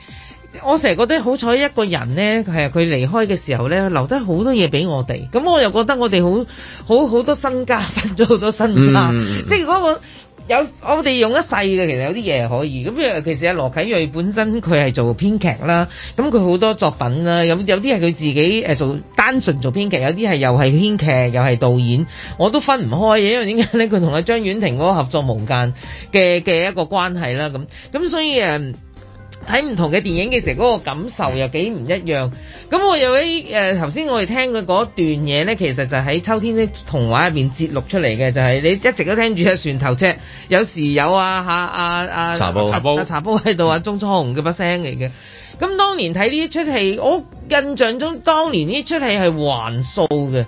我成日覺得好彩，一個人咧係佢離開嘅時候咧，留低好多嘢俾我哋。咁我又覺得我哋好好好多身家，分咗好多身家。嗯、即係嗰、那個有我哋用一世嘅，其實有啲嘢係可以。咁其實阿羅啟銳本身佢係做編劇啦，咁佢好多作品啦。咁有啲係佢自己誒做單純做編劇，有啲係又係編劇又係導演，我都分唔開嘅。因為點解咧？佢同阿張婉婷嗰個合作無間嘅嘅一個關係啦。咁咁所以誒。睇唔同嘅電影嘅時候，嗰個感受又幾唔一樣。咁我又喺誒，頭先我哋聽嘅嗰段嘢咧，其實就喺《秋天的童話》入面節錄出嚟嘅，就係你一直都聽住隻船頭車，有時有啊嚇啊啊茶煲茶煲喺度啊，啊布鍾楚紅嘅把聲嚟嘅。咁當年睇呢一出戲，我印象中當年呢出戲係橫掃嘅。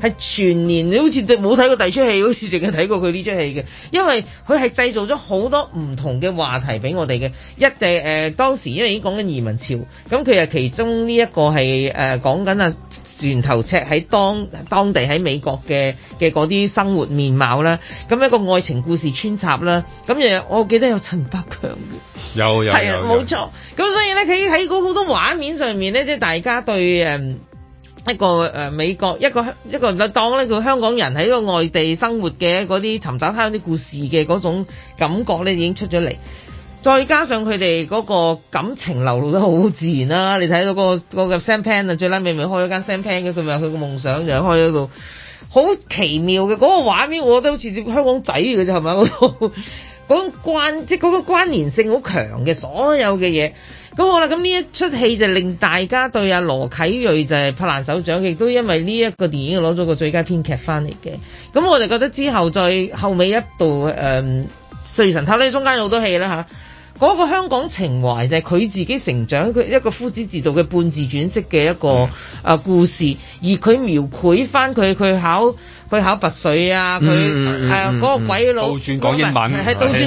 係全年，你好似冇睇過第二出戲，好似淨係睇過佢呢出戲嘅，因為佢係製造咗好多唔同嘅話題俾我哋嘅，一就誒、呃、當時因為已經講緊移民潮，咁佢又其中呢一個係誒講緊啊，呃、船頭尺喺當當地喺美國嘅嘅嗰啲生活面貌啦，咁一個愛情故事穿插啦，咁又我記得有陳百強嘅，有有係啊冇錯，咁是人所以咧佢喺好多畫面上面咧，即、就、係、是、大家對誒。嗯一個誒、呃、美國一個香一個當咧叫香港人喺一個外地生活嘅嗰啲尋找香港啲故事嘅嗰種感覺咧已經出咗嚟，再加上佢哋嗰個感情流露得好自然啦、啊。你睇到、嗰個、嗰個 Sampan 啊，最撚尾咪開咗間 Sampan 嘅，佢咪佢個夢想就係開咗度，好奇妙嘅嗰、嗰個畫面，我覺得好似香港仔嘅啫係咪嗰度嗰種即係嗰種關聯性好強嘅所有嘅嘢。咁好啦，咁呢一出戲就令大家對阿羅啟銳就係拍爛手掌，亦都因為呢一個電影攞咗個最佳編劇翻嚟嘅。咁我就覺得之後再後尾一度誒《歲月神偷》呢，中間有好多戲啦嚇。嗰個香港情懷就係佢自己成長，佢一個夫子自道嘅半自傳式嘅一個誒故事，而佢描繪翻佢佢考佢考拔水啊，佢誒嗰個鬼佬，倒轉講英文，係倒轉講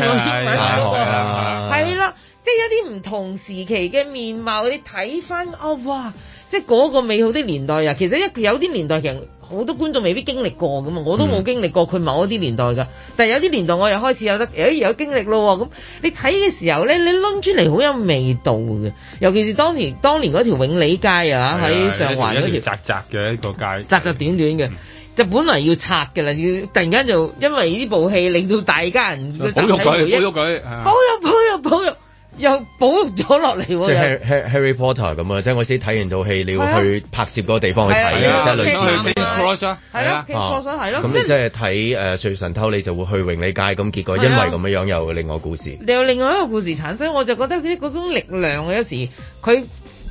英文嗰啦。即係有啲唔同時期嘅面貌，你睇翻哦，哇！即係嗰個美好的年代啊！其實一有啲年代其實好多觀眾未必經歷過咁嘛，我都冇經歷過佢某一啲年代㗎。但係有啲年代我又開始有得誒有，有經歷咯喎咁。你睇嘅時候咧，你攆出嚟好有味道嘅，尤其是當年當年嗰條永利街啊，喺、啊、上環嗰條窄窄嘅一個街，窄窄短短嘅、啊、就本嚟要拆嘅啦，要突然間就因為呢部戲令到大家人嘅集體回憶，保育佢，嚇，保育，保育，保育。保育又保育咗落嚟喎！即係 Harry Potter 咁啊！即係我先睇完套戲，你要去拍攝嗰個地方去睇啊！即係類似佢哋。Close 啊！係咯，close 啊！係咯。咁即係睇誒《歲月神偷》，你就會去永利街咁，結果因為咁樣樣又另外故事。你有另外一個故事產生，我就覺得佢啲嗰種力量，有時佢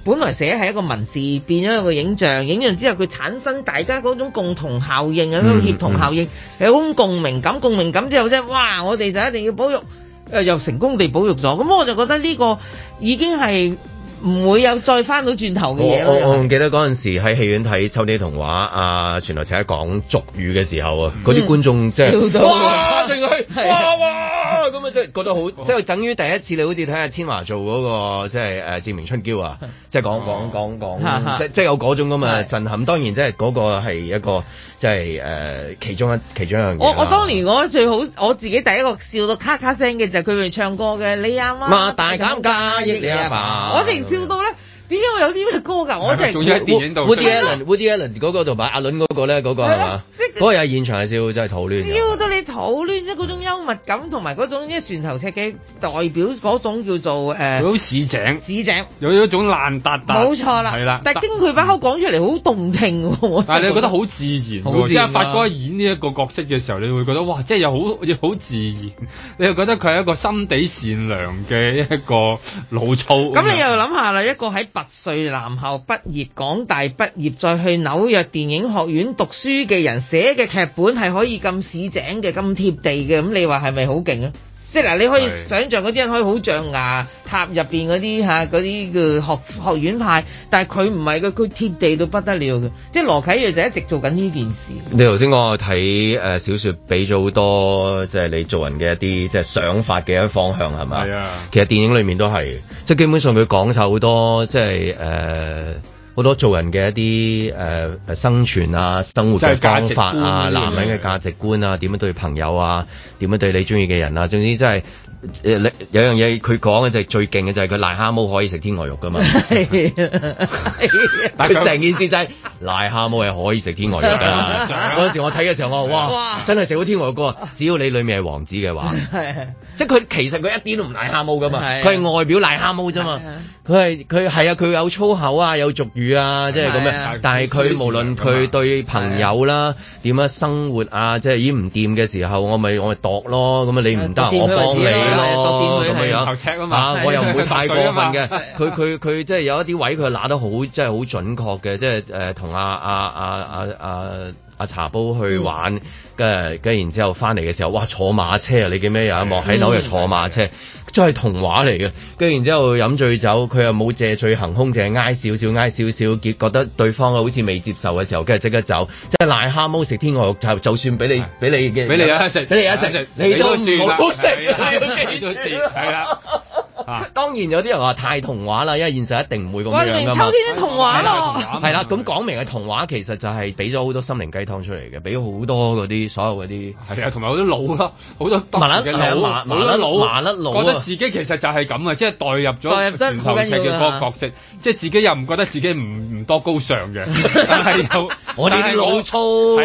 本來寫係一個文字，變咗一個影像，影像之後佢產生大家嗰種共同效應啊，協同效應，有種共鳴感，共鳴感之後即係哇！我哋就一定要保育。誒又成功地保育咗，咁我就覺得呢個已經係唔會有再翻到轉頭嘅嘢，我我仲記得嗰陣時喺戲院睇《秋天童話》，啊，傳來傳去講俗語嘅時候啊，嗰啲、嗯、觀眾即、就、係、是、哇，咁啊，即係是的 覺得好，即係 等於第一次你好似睇下千嬅做嗰、那個即係誒《志、就是呃、明春嬌》啊、就是，即係講講講講，即即、就是、有嗰種咁嘅震撼。 當然、就是，即係嗰個係一個。即係誒，其中一其中一樣嘢、啊。我我當年我最好我自己第一個笑到咔咔聲嘅就係佢哋唱歌嘅，你阿、啊、媽。嘛媽大減價，家你阿、啊、爸。啊、我直情笑到咧～點解我有啲咩歌㗎？我淨係仲要喺電影度。Woody Allen，Woody Allen 嗰個同埋阿倫嗰個咧，嗰個係嘛？嗰個有現場嘅笑，真係吐亂。妖到你吐亂啫，嗰種幽默感同埋嗰種啲船頭尺嘅代表嗰種叫做誒。好市井。市井。有一種爛達達。冇錯啦。係啦。但係經佢把口講出嚟，好動聽喎。但係你覺得好自然喎，即係發哥演呢一個角色嘅時候，你會覺得哇，即係又好好自然。你又覺得佢係一個心地善良嘅一個老粗。咁你又諗下啦，一個喺八歲男校畢業，港大畢業，再去紐約電影學院讀書嘅人寫嘅劇本係可以咁市井嘅，咁貼地嘅，咁、嗯、你話係咪好勁啊？即係嗱，你可以想像嗰啲人可以好象牙塔入邊嗰啲嚇，嗰啲嘅學學院派，但係佢唔係佢，佢貼地到不得了嘅。即係羅啟銳就一直做緊呢件事。你頭先講我睇誒小説，俾咗好多即係你做人嘅一啲即係想法嘅一方向係咪？係是啊。其實電影裡面都係，即係基本上佢講曬好多即係誒好多做人嘅一啲誒誒生存啊，生活嘅方法啊，男人嘅價值觀啊，點樣對朋友啊。點樣對你中意嘅人啊？總之真係。誒、嗯，有樣嘢佢講嘅就係最勁嘅就係佢癩蛤蟆可以食天鵝肉噶嘛。但佢成件事就係癩蛤蟆係可以食天鵝肉噶。嗰時我睇嘅時候，我話：哇，哇真係食到天鵝肉啊！只要你裏面係王子嘅話， 是啊、即係佢其實佢一啲都唔癩蛤蟆噶嘛，佢係 是、啊、外表癩蛤蟆啫嘛。佢係佢係啊， 是啊，佢有粗口啊，有俗語啊，即係咁樣。 是啊、但係佢無論佢對朋友啦，點啊樣生活啊，即係已經唔掂嘅時候，我咪我咪度咯。咁啊，你唔得，我幫你。嗯、多咁嘅樣，嗯、嘛啊，是我又唔會太過分嘅，佢佢佢即係有一啲位佢拿得好，即係好準確嘅，即係誒同阿阿阿阿阿阿茶煲去玩。嗯誒，跟然之後翻嚟嘅時候，哇，坐馬車啊！你記唔記得有一幕喺度又坐馬車，真係童話嚟嘅。跟然之後飲醉酒，佢又冇借醉行兇，淨係挨少少，挨少少，結覺得對方好似未接受嘅時候，跟住即刻走，即係賴蝦毛食天鵝肉就就算俾你俾你嘅俾你啊食俾你啊食，你都唔好食啊！係啦。當然有啲人話太童話啦，因為現實一定唔會咁樣噶嘛。秋天啲童話咯。係啦，咁講明嘅童話其實就係俾咗好多心靈雞湯出嚟嘅，俾好多嗰啲所有嗰啲係啊，同埋好多腦咯，好多麻甩佬，好多麻甩佬，覺得自己其實就係咁啊，即係代入咗全頭赤嘅嗰角色，即係自己又唔覺得自己唔唔多高尚嘅，但係又，我哋老粗，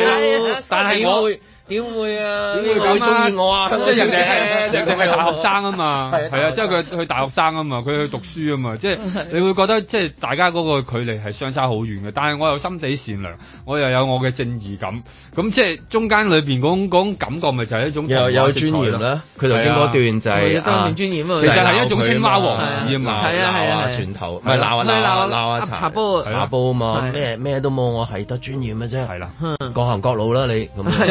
但係。點會啊？點會夠鍾意我啊？即係佢係大學生啊嘛，係啊，即係佢佢大學生啊嘛，佢去讀書啊嘛，即係你會覺得即係大家嗰個距離係相差好遠嘅。但係我又心地善良，我又有我嘅正義感，咁即係中間裏邊嗰種感覺咪就係一種有有尊嚴啦。佢頭先嗰段就係啊，其實係一種青蛙王子啊嘛。係啊係啊，船頭咪鬧下鬧下波啊嘛，咩咩都冇，我係得尊嚴嘅啫。係啦，各行各路啦，你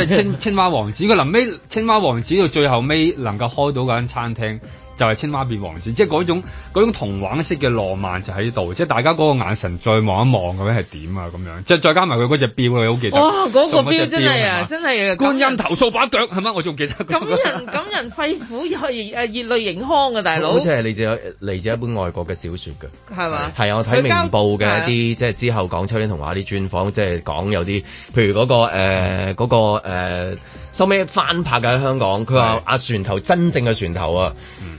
即係正。青蛙王子，佢臨尾青蛙王子到最後尾能夠開到嗰間餐廳。就係青蛙變王子，即係嗰種嗰種童話式嘅浪漫就喺度，即係大家嗰個眼神再望一望咁樣係點啊，咁樣，即係再加埋佢嗰隻標啊，我記得。哇！嗰個標真係啊，真係啊！觀音頭掃把腳係咪？我仲記得。感人感人肺腑，係誒熱淚盈眶嘅、啊、大佬。即係嚟自嚟自一本外國嘅小説㗎，係嘛吧？係啊，我睇明報嘅一啲，的即係之後講《秋天童話》啲專訪，即係講有啲，譬如嗰、那個誒嗰、呃那個呃那個呃呃呃收尾翻拍嘅喺香港，佢話阿船頭真正嘅船頭啊，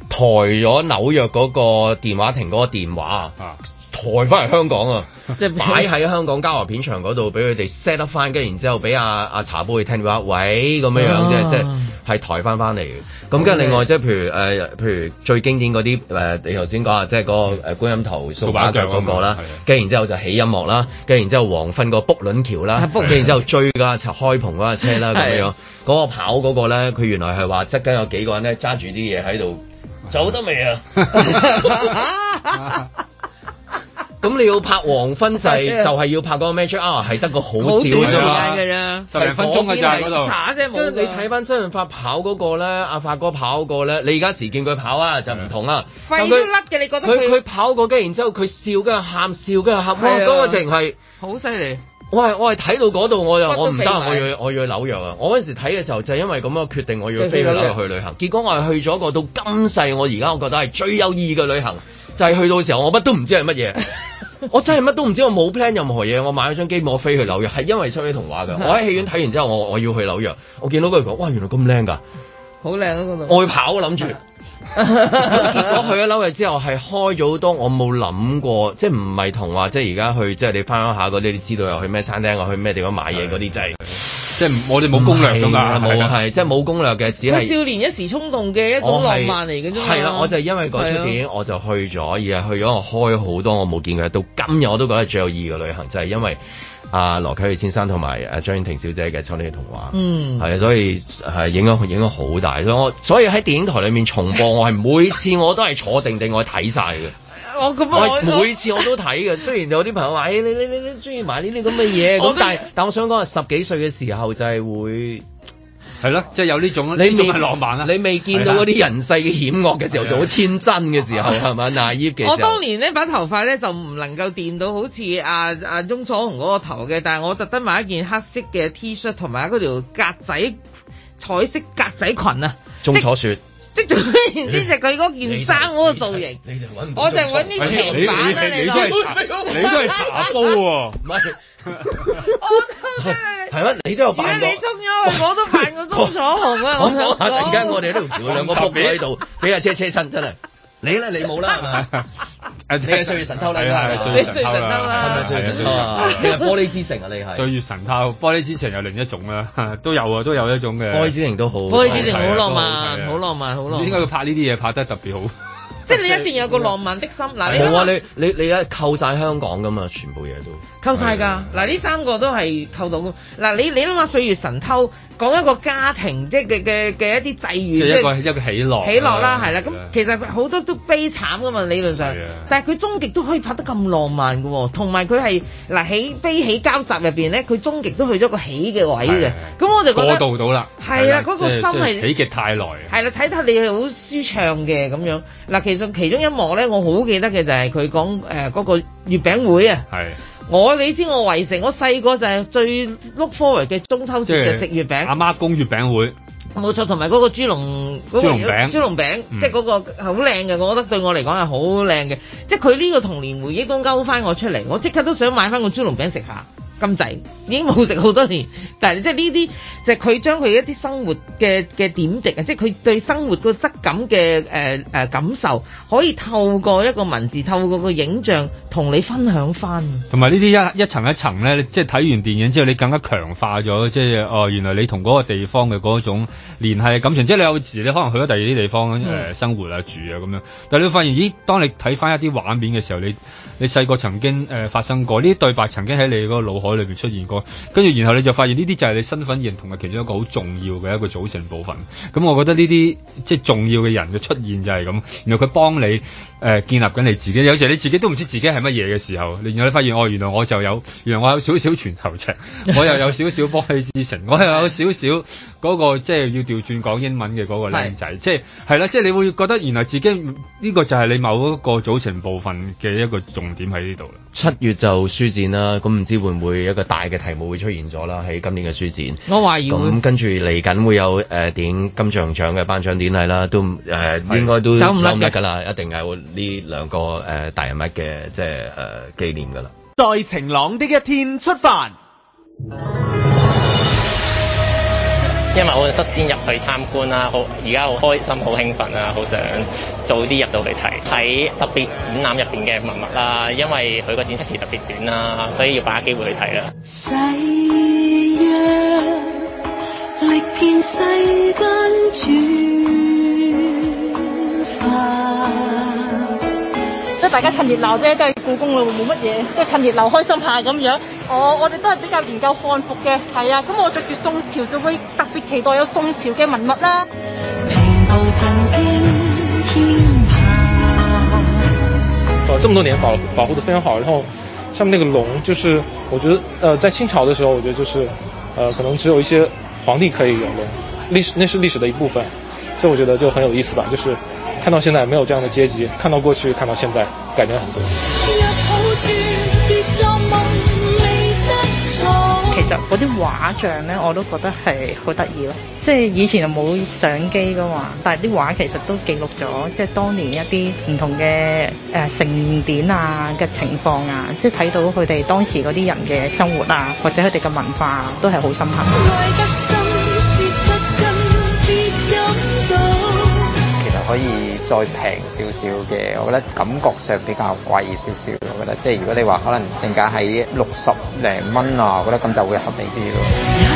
抬咗紐約嗰個電話亭嗰個電話啊。抬翻嚟香港啊！即係擺喺香港嘉禾片場嗰度，俾佢哋 set 得翻，跟住然之後俾阿阿茶煲去聽啲話，喂咁樣樣，即係即係係抬翻翻嚟。咁跟住另外即係譬如誒，譬如最經典嗰啲誒，你頭先講啊，即係嗰個誒觀音頭掃把腳嗰個啦。跟住然之後就起音樂啦，跟住然之後黃昏個卜輪橋啦，跟住然之後追個阿開篷嗰架車啦，咁樣。嗰個跑嗰個咧，佢原來係話即係有幾個人咧揸住啲嘢喺度。走得未啊？咁你要拍黃昏制，就係要拍嗰個 magic hour 係得個好少嘅啫，十零分鐘嘅咋嗰度。跟住你睇翻周潤發跑嗰個咧，阿發哥跑嗰個咧，你而家時見佢跑啊，就唔同啦。肺都甩嘅，你覺得佢？佢佢跑嗰間，然之後佢笑，跟住喊笑，跟住喊。嗰個情係好犀利。我係我係睇到嗰度，我又我唔得，我要我要去紐約啊！我嗰陣時睇嘅時候就係因為咁樣決定，我要飛去紐約去旅行。結果我係去咗個到今世，我而家我覺得係最有意義嘅旅行。就係去到時候，我乜都唔知係乜嘢，我真係乜都唔知，我冇 plan 任何嘢，我買咗張機，我飛去紐約，係因為《秋天的童話》㗎。我喺戲院睇完之後，我我要去紐約，我見到佢哋講，哇原來咁靚㗎，好靚啊嗰度，我跑諗住， 我去咗紐約之後係開咗好多我冇諗過，即係唔係童話即係而家去即係你翻鄉下嗰啲，你知道又去咩餐廳我去咩地方買嘢嗰啲真係。的些即係我哋冇攻略㗎，冇係是的即係冇攻略嘅，只係少年一時衝動嘅一種浪漫嚟嘅啫。係啦是，我就係因為嗰出電影我就去咗，的而係去咗我開好多我冇見過，到今日我都覺得最有意義嘅旅行就係、是、因為阿、啊、羅啟瑞羅啟銳先生同埋阿張婉婷小姐嘅《秋天嘅童話》。嗯，係啊，所以係影響影響好大。所以我所以喺電影台裡面重播， 我係每次我都係坐定定我睇晒嘅。我，、哦、我每次我都睇嘅，雖然有啲朋友話、哎，誒你你你你中意買呢啲咁嘅嘢，咁但係但我想講啊，十幾歲嘅時候就係會係咯，即係、就是、有呢種呢種係浪漫啊！你未見到嗰啲人世嘅險惡嘅時候，就好天真嘅時候係咪？那依期我當年呢把頭髮咧就唔能夠電到好似阿阿鍾楚紅嗰個頭嘅，但係我特登買一件黑色嘅 T 恤，同埋嗰條格仔彩色格仔裙啊。鍾楚雪。即係做咩？唔知就佢嗰件衫嗰個造型，我就揾啲平版啦。你就你都係你都係茶煲喎，我都真係係乜？你都有扮過你充咗佢，我都扮過鍾楚紅啊！我我突然間我哋都同佢兩個伏喺度比下車車身，真係你咧你冇啦。誒你係歲月神偷啦，你係歲月神偷啦，係咪歲月神偷啊？玻璃之城啊，你係。歲月神偷，玻璃之城又另一種啦，都有啊，都有一種嘅。玻璃之城都好。玻璃之城好浪漫，好浪漫，好浪漫。點解佢拍呢啲嘢拍得特別好？即係你一定要有個浪漫的心，嗱你冇啊！你你你一扣晒香港㗎嘛，全部嘢都扣晒㗎。嗱呢三個都係扣到㗎。嗱你你諗下《歲月神偷》講一個家庭，即係嘅嘅嘅一啲際遇，即係一個一個起落起落啦，係啦。咁其實好多都悲慘㗎嘛，理論上。但係佢終極都可以拍得咁浪漫㗎喎，同埋佢係嗱起悲喜交集入邊咧，佢終極都去咗個喜嘅位嘅。咁我就覺得過渡到啦。係啦，嗰個心係喜極太耐。係啦，睇睇你係好舒暢嘅咁樣。嗱，其實。其中一幕咧，我好記得嘅就係佢講誒嗰、呃嗰個月餅會啊。係，我你知我圍城，我細個就係最 look forward 嘅中秋節就食月餅。阿媽供月餅會，冇錯，同埋嗰個豬籠，嗰、嗰個豬籠，豬籠餅，即係嗰個好靚嘅，嗯、我覺得對我嚟講係好靚嘅。即係佢呢個童年回憶都勾翻我出嚟，我即刻都想買翻個豬籠餅食下。金仔已經冇食好多年，但係即係呢啲就係佢將佢一啲生活嘅嘅點滴啊，即係佢對生活個質感嘅誒誒感受，可以透過一個文字，透過個影像同你分享翻。同埋呢啲一一層一層咧，即係睇完電影之後，你更加強化咗，即係哦、呃，原來你同嗰個地方嘅嗰種聯繫嘅感情，即係你有時你可能去咗第二啲地方誒、呃、生活啊住啊咁樣，但係你會發現咦，當你睇翻一啲畫面嘅時候，你你細個曾經誒、呃、發生過呢啲對白，曾經喺你個腦海。海裏邊出現過，跟住然後你就發現呢啲就係你身份認同嘅其中一個好重要嘅一個組成部分。咁、嗯、我覺得呢啲即係重要嘅人嘅出現就係咁。然後佢幫你誒、呃、建立緊你自己。有時你自己都唔知自己係乜嘢嘅時候，然後你發現哦，原來我就有，原來我有少少全頭力，我又有少少波希之情，我又有少少嗰、那個即係、就是、要調轉講英文嘅嗰個靚仔。是即係係啦，即係你會覺得原來自己呢、這個就係你某一個組成部分嘅一個重點喺呢度啦。七月就輸戰啦，咁唔知會唔會？一個大嘅題目會出現咗啦，喺今年嘅書展。我懷疑。咁跟住嚟緊會有誒電影、呃、金像獎嘅頒獎典禮啦，都誒、呃、應該都的走唔甩㗎啦，一定係會呢兩個誒、呃、大人物嘅即係誒紀念噶啦。在晴朗的一天出發。因為我率先入去參觀啦，好而家好開心、好興奮啊，好想早啲入到嚟睇，睇特別展覽入邊嘅文物啦。因為佢個展出期特別短啦，所以要把握機會去睇啦。即係大家趁熱鬧啫，都係故宮啦，冇乜嘢，都趁熱鬧開心下咁樣。哦，我哋都係比較研究漢服嘅，係啊，咁、嗯、我着住宋朝就會特別期待有宋朝嘅文物啦。平步哦，這麼多年保保護得非常好，然後上面那個龍，就是我覺得，呃，在清朝嘅時候，我覺得就是，呃，可能只有一些皇帝可以有龍，歷史，那是歷史的一部分，就我覺得就很有意思吧，就是看到現在沒有這樣的階級，看到過去，看到現在，改變很多。其實嗰啲畫像咧，我都覺得係好得意咯。即係以前又冇相機噶嘛，但係啲畫其實都記錄咗，即係當年一啲唔同嘅誒盛典啊嘅情況啊，即係睇到佢哋當時嗰啲人嘅生活啊，或者佢哋嘅文化，啊，都係好深刻。Oh 可以再平少少嘅，我覺得感覺上比較貴少少。我覺得即係如果你話可能定價喺六十零蚊啊，我覺得咁就會合理啲咯。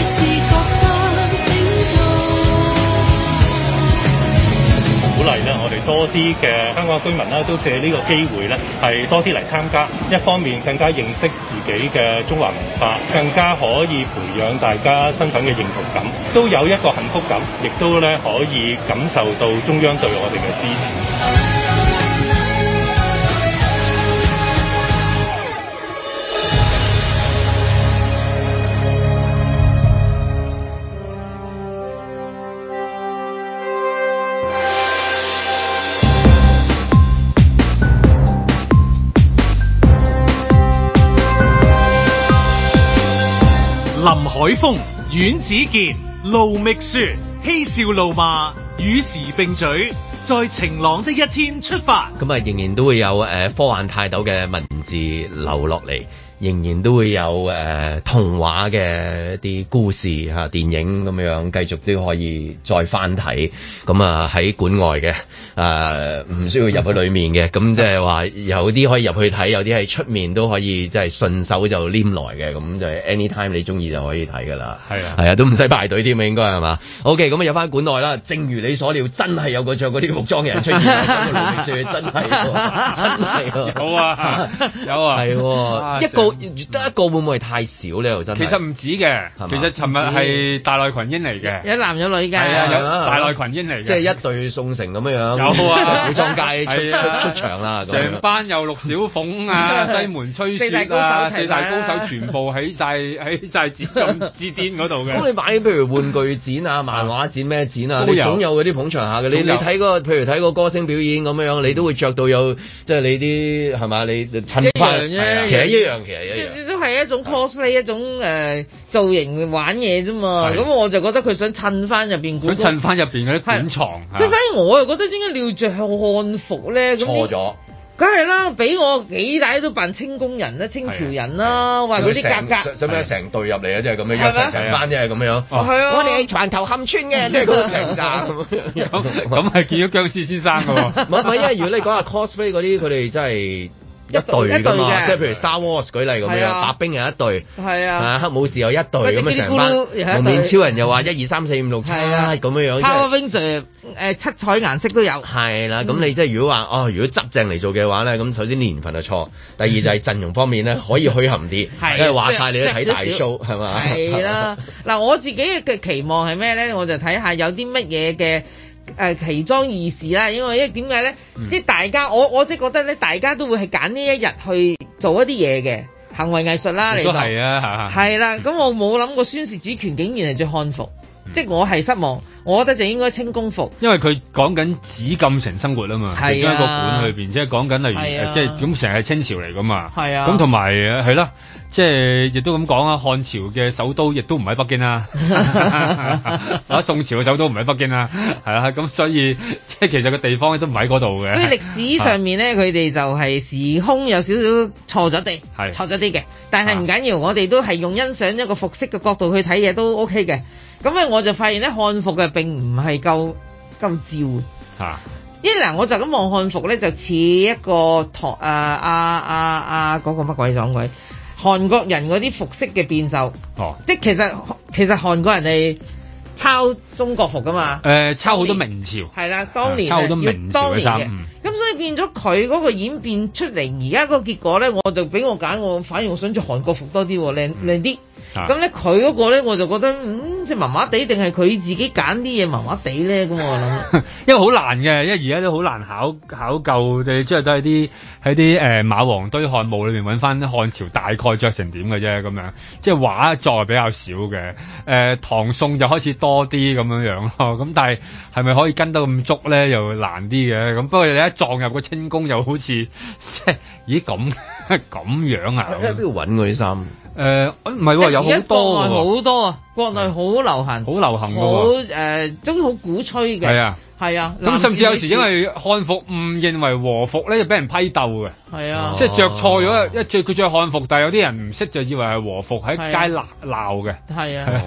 鼓勵咧，我哋多啲嘅香港居民啦，都借呢個機會咧，係多啲嚟參加。一方面更加認識自己嘅中華文化，更加可以培養大家身份嘅認同感，都有一個幸福感，亦都咧可以感受到中央對我哋嘅支持。風阮子健盧覓雪嬉笑怒罵，與時並舉，在晴朗的一天出發。咁啊，仍然都會有誒科幻泰斗嘅文字留落嚟。仍然都會有誒童話嘅一啲故事吓電影咁樣繼續都可以再翻睇，咁啊喺館外嘅誒唔需要入去裏面嘅，咁即係話有啲可以入去睇，有啲係出面都可以即係順手就黏來嘅，咁就係 anytime 你中意就可以睇㗎啦。係啊，係啊，都唔使排隊添啊，應該係嘛？OK，咁啊入翻館內啦。正如你所料，真係有個着嗰啲服裝嘅人出現，老樹真係，真係，好啊，有啊，係一個。得一個會唔會太少呢？又真其實唔止嘅，其實尋日係大內群英嚟嘅，有男有女㗎，大內群英嚟嘅，即係一隊宋城咁樣樣，有啊，古裝街出出場啦，成班有陸小鳳啊，西門吹雪啊，四大高手全部喺晒喺晒節節巔嗰度嘅。咁你買譬如玩具展啊、漫畫展咩展啊，你總有嗰啲捧場下嘅。你你睇個譬如睇個歌星表演咁樣樣，你都會着到有即係你啲係嘛？你襯翻，其實一樣，其即係都係一種 cosplay 一種誒造型玩嘢啫嘛，咁我就覺得佢想襯翻入邊古，想襯翻入邊嗰啲隱藏。即係反正我又覺得點解你着著漢服咧？錯咗，梗係啦，俾我幾大都扮清宮人啦，清朝人啦，話嗰啲格格。使唔使成隊入嚟啊？即係咁樣，入成成班啫咁樣。係啊，我哋係長頭冚穿嘅，即係個成站。咁咁係見到殭屍先生噶喎。唔係唔係，因為如果你講下 cosplay 嗰啲，佢哋真係。一隊嘅嘛，即係譬如 Star Wars 舉例咁樣，白兵又一隊，係啊，黑武士又一隊咁樣成班。紅面超人又話一二三四五六七啊，咁樣樣。Power Ranger 七彩顏色都有。係啦，咁你即係如果話哦，如果執正嚟做嘅話咧，咁首先年份就錯，第二就係陣容方面咧可以虛含啲，因為話晒你都睇大騷係咪？係啦，嗱我自己嘅期望係咩咧？我就睇下有啲乜嘢嘅。誒奇裝異服啦，因為因為點解咧？啲、嗯、大家我我即係覺得咧，大家都會係揀呢一日去做一啲嘢嘅行為藝術啦你都係啊嚇！係啦、嗯，咁我冇諗過宣示主權竟然係著漢服，嗯、即係我係失望。我覺得就應該清宮服。因為佢講緊紫禁城生活啊嘛，啊其中一個館裏邊即係講緊例如、啊、即係咁成日係清朝嚟噶嘛。係啊，咁同埋誒係啦。即係亦都咁講啊！漢朝嘅首都亦都唔喺北京啦，啊！宋朝嘅首都唔喺北京啊。係啊，咁所以即係其實個地方咧都唔喺嗰度嘅。所以，所以歷史上面咧，佢哋 Ol ion.、啊、就係時空有少少錯咗啲，係是錯咗啲嘅。但係唔緊要，我哋都係用欣賞一個服飾嘅角度去睇嘢都 O K 嘅。咁咧我就發現咧漢服嘅並唔係夠夠照嚇，igo version 因為嗱，我就咁望漢服咧就似一個唐啊啊啊啊嗰個乜鬼狀鬼。啊那個韓國人嗰啲服飾嘅變奏，哦、即係其實其實，其實韓國人係抄中國服㗎嘛？誒、呃，抄好多明朝。係啦，當年抄咗明朝嘅，咁、嗯、所以變咗佢嗰個演變出嚟而家嗰個結果咧，我就俾我揀，我反而我想著韓國服多啲，靚靚啲。嗯咁咧佢嗰個咧我就覺得、嗯、即係麻麻地，定係佢自己揀啲嘢麻麻地咧，咁我諗 。因為好難嘅，因為而家都好難考考究，即係都係啲喺啲誒馬王堆漢墓裏邊揾翻漢朝大概着成點嘅啫咁樣，即係畫作比較少嘅。誒、呃、唐宋就開始多啲咁樣樣咯。咁但係係咪可以跟得咁足咧？又難啲嘅。咁不過你一撞入個清宮，又好似即係咦咁咁樣啊？喺邊度揾嗰啲衫？ 誒誒唔係喎，有好多喎。好多啊，國內好流行，好流行喎。好誒，都好鼓吹嘅。係啊，係啊。咁甚至有時因為漢服誤認為和服咧，就俾人批鬥嘅。係啊，即係著錯咗，一著佢着漢服，但係有啲人唔識就以為係和服，喺街鬧鬧嘅。係啊，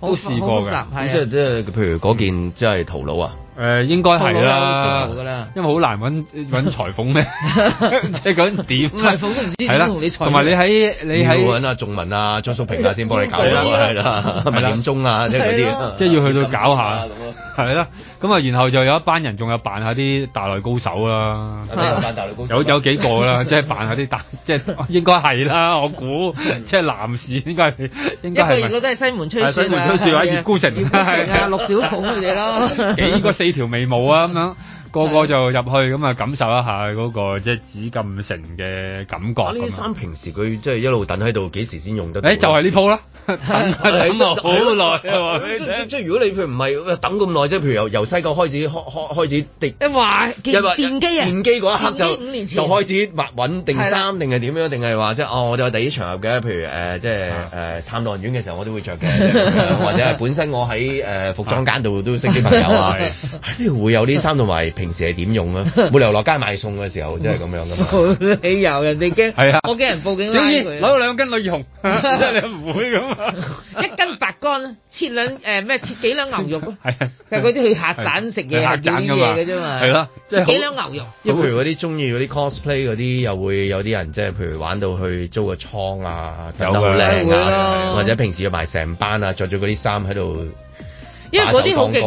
都試過嘅。即係即係，譬如嗰件即係頭腦啊。誒、嗯，應該係啦，啦，因為好難揾揾裁縫咩，即係究竟點裁縫都唔知係啦。同埋你喺你喺要揾阿仲文啊，張淑萍啊先幫你搞啊，係、啊 啊、啦，五 啦 點鐘啊，就是、啦即係嗰啲，即係要去到去搞下，係、 啊、 啦。咁啊，然後就有一班人，仲有扮下啲大內高手啦，啊、有有幾個啦，即係 扮下啲大，即、就、係、是、應該係啦，我估，即、就、係、是、男士應該係應該如果都係西門吹雪、啊、西門吹雪或者葉孤城、葉孤城啊、陸是小鳳佢哋咯，幾個 四條眉毛啊～咁樣 個個就入去咁啊，感受一下嗰、那個即係紫禁城嘅感覺。呢啲衫平時佢即係一路等喺度，幾時先用到？誒、欸，就係呢鋪啦，等咁耐，好耐。即係如果你佢唔係等咁耐即啫，譬如由由西九開始開開始跌，一買見電機啊，電機嗰、啊、一刻就五年前就開始搵定衫定係點樣？定係話即係哦，我有第二場合嘅，譬如誒即係誒探樂園嘅時候我，我都會着嘅。 或者係本身我喺誒、呃、服裝間度都會識啲朋友啊，呢 會有呢衫同埋。平時係點用啊？冇理由落街買餸嘅時候即係咁樣㗎嘛？冇理由人哋驚，我驚人報警拉佢。攞兩斤女兒紅，即係你唔會咁啊！一斤白乾，切兩誒咩？切幾兩牛肉？係啊，佢嗰啲去客棧食嘢，煮啲嘢嘅啫嘛。係咯，切幾兩牛肉？咁譬如嗰啲中意嗰啲 cosplay 嗰啲，又會有啲人即係譬如玩到去租個倉啊，整得好靚啊，或者平時去買成班啊，着咗嗰啲衫喺度。因為嗰啲好勁，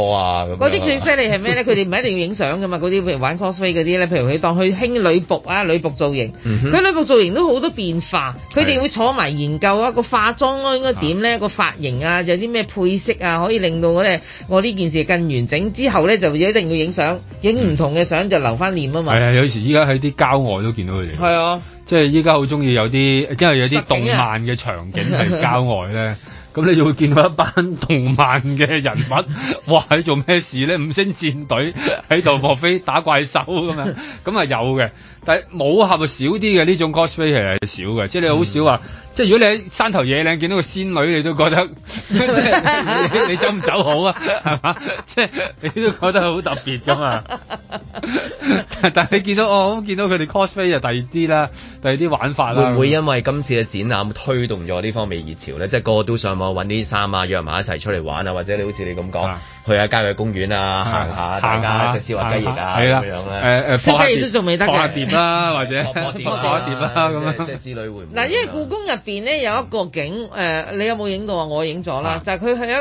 嗰啲、啊、 最犀利係咩咧？佢哋唔一定要影相噶嘛。嗰啲譬如玩 cosplay 嗰啲咧，譬如佢當去興女僕啊，女僕造型，佢、嗯、哼女僕造型都好多變化。佢哋的會坐埋研究啊，個化妝應該點咧，個的髮型啊，有啲咩配飾啊，可以令到我咧，我呢件事更完整。之後咧就一定要影相，影唔同嘅相就留翻念啊嘛。係啊、嗯 有時依家喺啲郊外都見到佢哋。係啊的，即係依家好中意有啲，因為有啲動漫嘅場景喺郊外咧。 咁你就會見到一班動漫嘅人物，哇！喺度做咩事咧？五星戰隊喺度，莫非打怪獸咁樣，咁啊有嘅。但係武俠就少啲嘅，呢種 cosplay 係少嘅，即係你好少話，嗯、即係如果你喺山頭野嶺見到個仙女，你都覺得即 你，你，你走唔走好啊，係嘛？即 係 你都覺得好特別㗎嘛。 但係你見到我見到我見到佢哋 cosplay 就第二啲啦，第二啲玩法啦，啊。會唔會因為今次嘅展覽推動咗呢方面熱潮咧？即係個個都上網揾啲衫啊，約埋一齊出嚟玩啊，或者你好似你咁講。啊去下郊野公園啊，行下，大家即係燒下雞翼啊咁樣咧。誒誒，燒雞翼都仲未得嘅，放下碟啦，或者攞碟啦咁樣。即係之旅會。嗱，因為故宮入邊咧有一個景，誒，你有冇影到啊？我影咗啦，就係佢係一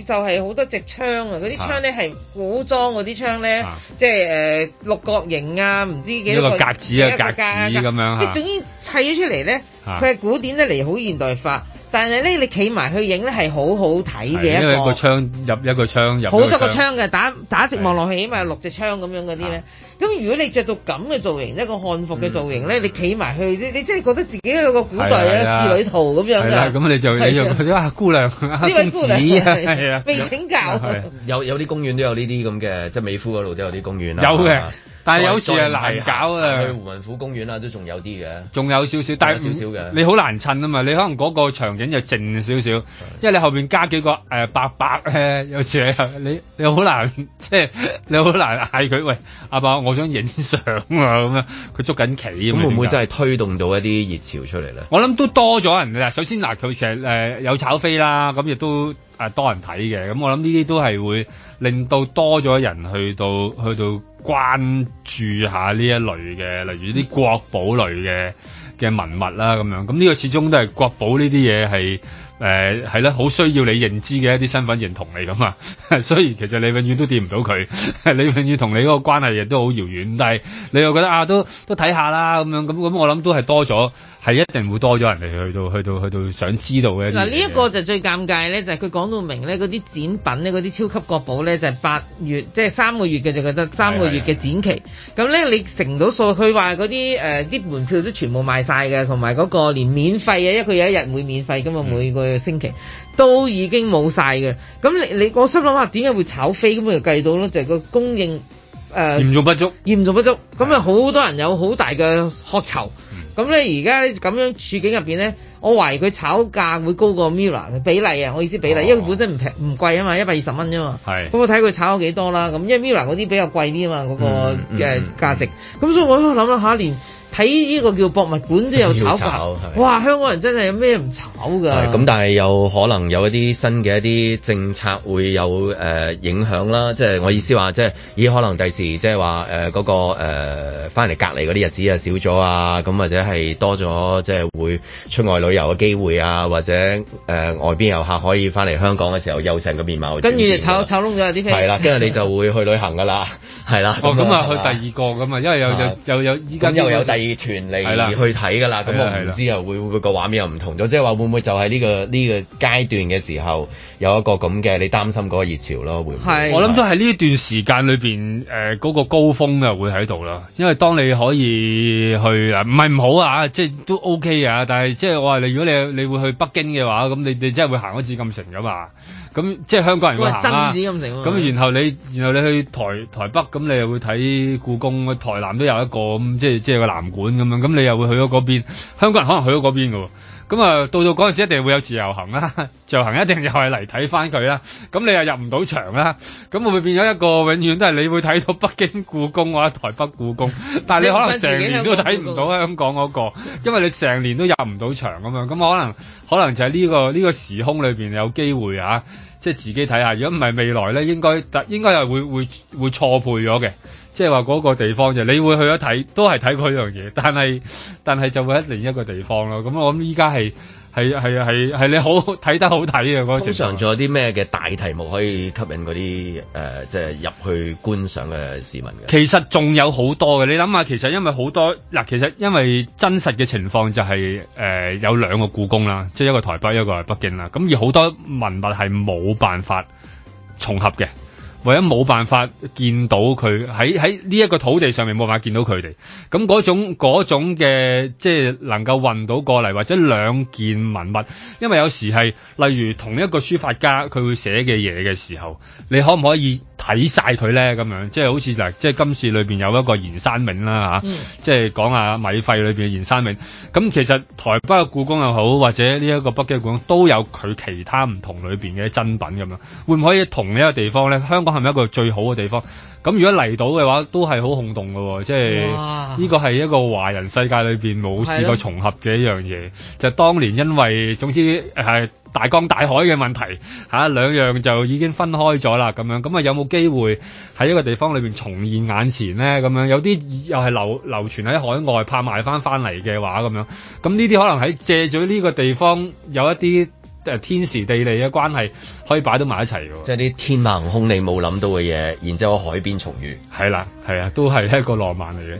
佢就係好多隻窗啊，嗰啲窗咧係古裝嗰啲窗咧，即係誒六角形啊，唔知幾多個格子啊，格咁樣，即係總之砌咗出嚟咧。佢係古典得嚟好現代化，但係咧你企埋去影咧係好好睇嘅一個。因為個窗入一個窗入好多個窗嘅，打打直望落去起碼六隻窗咁樣嗰啲咧。咁如果你着到咁嘅造型，一個漢服嘅造型咧，你企埋去，你你真係覺得自己係個古代嘅仕女圖咁樣嘅。係啦，咁你就起樣嗰啲呢位姑娘，呢位公子啊，未請教。有有啲公園都有呢啲咁嘅，即係美孚嗰度都有啲公園啦。有嘅。但係有時係難搞啊！去胡雲府公園啦，啊，都仲有啲嘅，仲有少少，低少少嘅。你好難襯啊嘛！你可能嗰個場景就靜少少，即是的 為你後面加幾個誒伯伯咧，有時你你好難，即係你好難嗌佢喂阿伯，我想影相啊咁樣！佢捉緊棋咁。會唔會真係推動到一啲熱潮出嚟咧？嗯、我諗都多咗人㗎啦。首先嗱，佢成日誒有炒飛啦，咁亦都誒、呃、多人睇嘅。咁我諗呢啲都係會令到多咗人去到去到。去到關注下呢一類嘅，例如啲國寶類嘅嘅文物啦，咁樣咁呢個始終都係國寶呢啲嘢係誒係啦，好、呃、需要你認知嘅一啲身份認同嚟㗎嘛，所以 其實你永遠都掂唔到佢， 你永遠同你嗰個關係亦都好遙遠，但係你又覺得啊，都都睇下啦，咁樣咁咁，我諗都係多咗。係一定會多咗人嚟去到去到去到想知道嘅。嗱呢一個就最尷尬咧，就係佢講到明咧，嗰啲展品咧，嗰啲超級國寶咧，就係、是、八月即係三個月嘅，就覺得三個月嘅展期。咁咧你成到數，佢話嗰啲誒啲門票都全部賣晒嘅，同埋嗰個連免費呀，因為佢有一日會免費噶嘛，嗯、每個星期都已經冇晒嘅。咁你你個心諗下，點解會炒飛咁咪計到咯？就係、個供應誒、呃、嚴重不足，嚴重不足。咁啊，好多人有好大嘅渴求。 咁咧而家咁樣處境入邊咧，我懷疑佢炒價會高過 MIRROR 嘅比例啊！我意思比例，因為佢本身唔平唔貴啊嘛，一百二十蚊啫嘛。係是。咁我睇佢炒咗幾多啦？咁因為 MIRROR 嗰啲比較貴啲啊嘛，嗰、嗰個誒價值。咁、嗯嗯嗯、所以我都諗下一年。睇呢個叫博物館都有炒飯，炒哇！香港人真係有咩唔炒噶？咁但係有可能有一啲新嘅一啲政策會有誒、呃、影響啦，即係我意思話，即係咦？可能第時即係話誒嗰個誒翻嚟隔離嗰啲日子啊少咗啊，咁或者係多咗即係會出外旅遊嘅機會啊，或者誒、呃、外邊遊客可以翻嚟香港嘅時候，又成個面貌，跟住就炒炒窿咗啲飛，係啦，跟住你就會去旅行噶啦。 係啦，哦咁啊，啊去第二個咁啊，因為有、啊、有有有依家又有第二團嚟嚟去睇㗎啦，咁啦我唔知啊，會會個畫面又唔同咗，即係話會唔會就係呢、這個呢、呢個階段嘅時候有一個咁嘅你擔心嗰個熱潮咯，會唔會？是啊、我諗都係呢段時間裏邊誒嗰個高峰啊會喺度啦，因為當你可以去啊，唔係唔好啊，即係都 OK 啊，但係即係我話你如果你你，你會去北京嘅話，咁你你，你真係會行一次咁長城㗎嘛。咁即係香港人會行啦。咁喂然後你，然後你去台台北，咁你又會睇故宮，台南都有一個，咁、就是，即係即係個南館咁樣。咁你又會去咗嗰邊，香港人可能去咗嗰邊嘅喎。咁啊，到到嗰陣時一定會有自由行啦，自由行一定又係嚟睇翻佢啦。咁你又入唔到場啦，咁會唔會變咗一個永遠都係你會睇到北京故宮或者台北故宮，但係你可能成年都睇唔到香港嗰個，因為你成年都入唔到場咁樣。咁可能可能就係呢個呢個時空裏邊有機會啊，即係自己睇下。如果唔係未來咧，應該特應該又會會會錯配咗嘅。即係話嗰個地方就你會去一睇，都係睇過一樣嘢，但係但係就會喺另一個地方咯。咁我諗依家係係係係係你好睇得好睇啊！嗰啲通常仲有啲咩嘅大題目可以吸引嗰啲誒即係入去觀賞嘅市民嘅？其實仲有好多嘅，你諗下，其實因為好多嗱，其實因為真實嘅情況就係誒有兩個故宮啦，即係一個台北，一個係北京啦。咁而好多文物係冇辦法重合嘅。唯一冇辦法見到佢喺喺呢一個土地上面，冇辦法見到佢哋，咁嗰種嗰種嘅，即係能夠運到過嚟或者兩件文物，因為有時係例如同一個書法家佢會寫嘅嘢嘅時候，你可唔可以？睇晒佢咧，咁樣即係好似嗱，即係今次裏邊有一個研山銘啦吓、嗯啊，即係講下米芾裏邊嘅研山銘。咁、嗯、其實台北嘅故宮又好，或者呢一個北京故宮都有佢其他唔同裏邊嘅珍品咁樣。會唔可以同一個地方咧？香港係咪一個最好嘅地方？咁、嗯、如果嚟到嘅話，都係好轟動嘅喎。即係呢哇個係一個華人世界裏邊冇試過重合嘅一樣嘢，的就係當年因為總之誒。大江大海嘅問題，嚇，兩樣就已經分開咗啦。咁樣咁啊，有冇機會喺一個地方裏邊重現眼前咧？咁樣有啲又係流流傳喺海外，拍賣翻翻嚟嘅話咁樣。咁呢啲可能喺借咗呢個地方有一啲誒天時地利嘅關係，可以擺到埋一齊嘅。即係啲天馬行空你冇諗到嘅嘢，然之後海邊重遇。係啦，係啊，都係一個浪漫嚟嘅。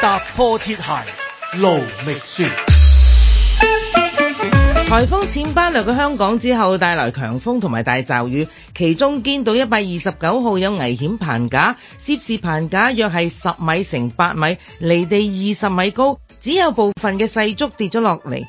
踏破鐵鞋無覓處。台風暹芭嚟到香港之後，帶來強風同埋大驟雨，其中堅道一百二十九號有危險棚架，涉事棚架約係十米乘八米，離地二十米高，只有部分嘅細竹跌咗落嚟。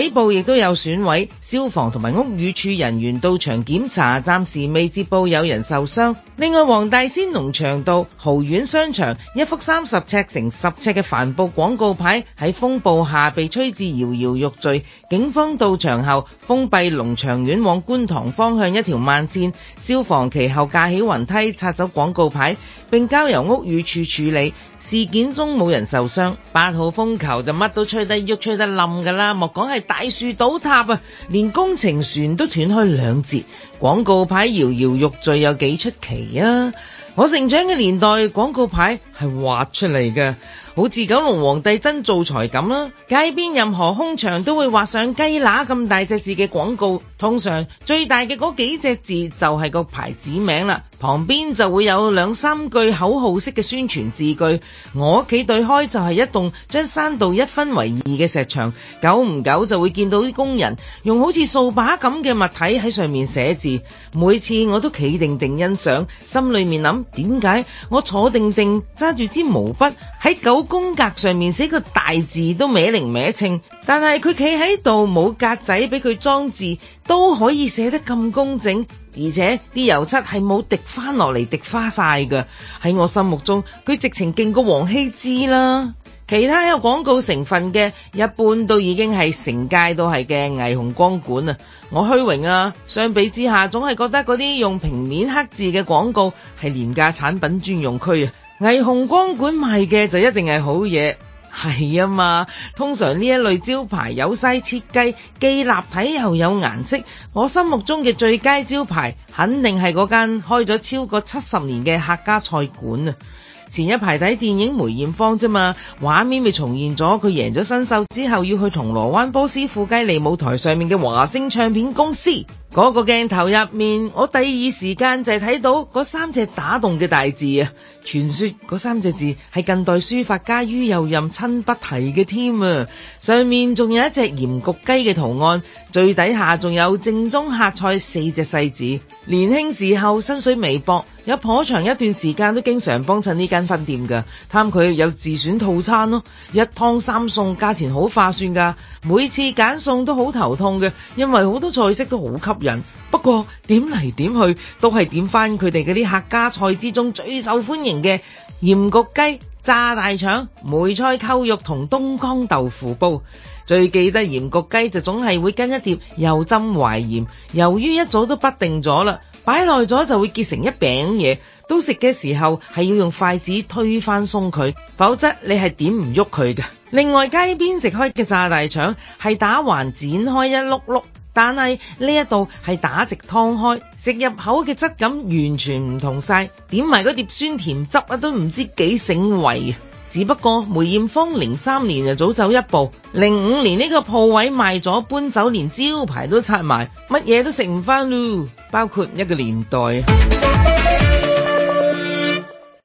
底部亦都有損毀，消防同埋屋宇處人員到場檢查，暫時未接報有人受傷。另外，黃大仙農場道豪苑商場一幅三十尺乘十尺嘅帆布廣告牌喺風暴下被吹至搖搖欲墜，警方到場後封閉農場苑往觀塘方向一條慢線，消防其後架起雲梯拆走廣告牌，並交由屋宇處處理。事件中冇人受傷，八號風球就乜都吹得喐，吹得冧㗎啦。莫講係大樹倒塌啊，連工程船都斷開兩截，廣告牌搖搖欲墜，有幾出奇啊！我成長嘅年代，廣告牌係畫出嚟嘅，好似九龍皇帝曾灶財咁啦。街邊任何空場都會畫上雞乸咁大隻字嘅廣告，通常最大嘅嗰幾隻字就係個牌子名啦。旁邊就會有兩三句口號式嘅宣傳字句。我屋企對開就係一棟將山道一分為二嘅石牆，久唔久就會見到啲工人用好似掃把咁嘅物體喺上面寫字。每次我都企定定欣賞，心裏面諗：點解我坐定定揸住支毛筆喺九宮格上面寫個大字都歪零歪清，但係佢企喺度冇格仔俾佢裝字，都可以寫得咁工整。而且啲油漆係冇滴翻落嚟，滴花晒㗎。喺我心目中，佢直情勁過王羲之啦。其他有廣告成分嘅，一般都已經係成街都係嘅霓虹光管啊！我虛榮啊，相比之下，總係覺得嗰啲用平面黑字嘅廣告係廉價產品專用區啊！霓虹光管賣嘅就一定係好嘢。係啊嘛，通常呢一類招牌有晒設計，既立體又有顏色。我心目中嘅最佳招牌，肯定係嗰間開咗超過七十年嘅客家菜館啊！前一排睇電影梅艷芳啫嘛，畫面咪重現咗佢贏咗新秀之後要去銅鑼灣波斯富街利舞台上面嘅華星唱片公司。嗰個鏡頭入面，我第二時間就係睇到嗰三隻打動嘅大字啊！傳説嗰三隻字係近代書法家于右任親筆題嘅添啊！上面仲有一隻鹽焗雞嘅圖案，最底下仲有正宗客家四隻細字。年輕時候薪水微薄，有頗長一段時間都經常幫襯呢間分店噶。貪佢有自選套餐咯，一湯三餸，價錢好划算噶。每次揀餸都好頭痛嘅，因為好多菜式都好吸。不過點嚟點去都係點翻佢哋嗰啲客家菜之中最受歡迎嘅鹽焗雞、炸大腸、梅菜扣肉同東江豆腐煲。最記得鹽焗雞就總係會跟一碟油浸淮鹽，由於一早都不定咗啦，擺耐咗就會結成一餅嘢，都食嘅時候係要用筷子推翻鬆佢，否則你係點唔喐佢㗎。另外，街邊食開嘅炸大腸係打橫剪開一碌碌。但係呢一度係打直湯開，食入口嘅質感完全唔同晒。點埋嗰碟酸甜汁啊，都唔知幾醒胃。只不過梅艷芳零三年就早走一步，零五年呢個鋪位賣咗，搬走，連招牌都拆埋，乜嘢都食唔翻咯，包括一個年代。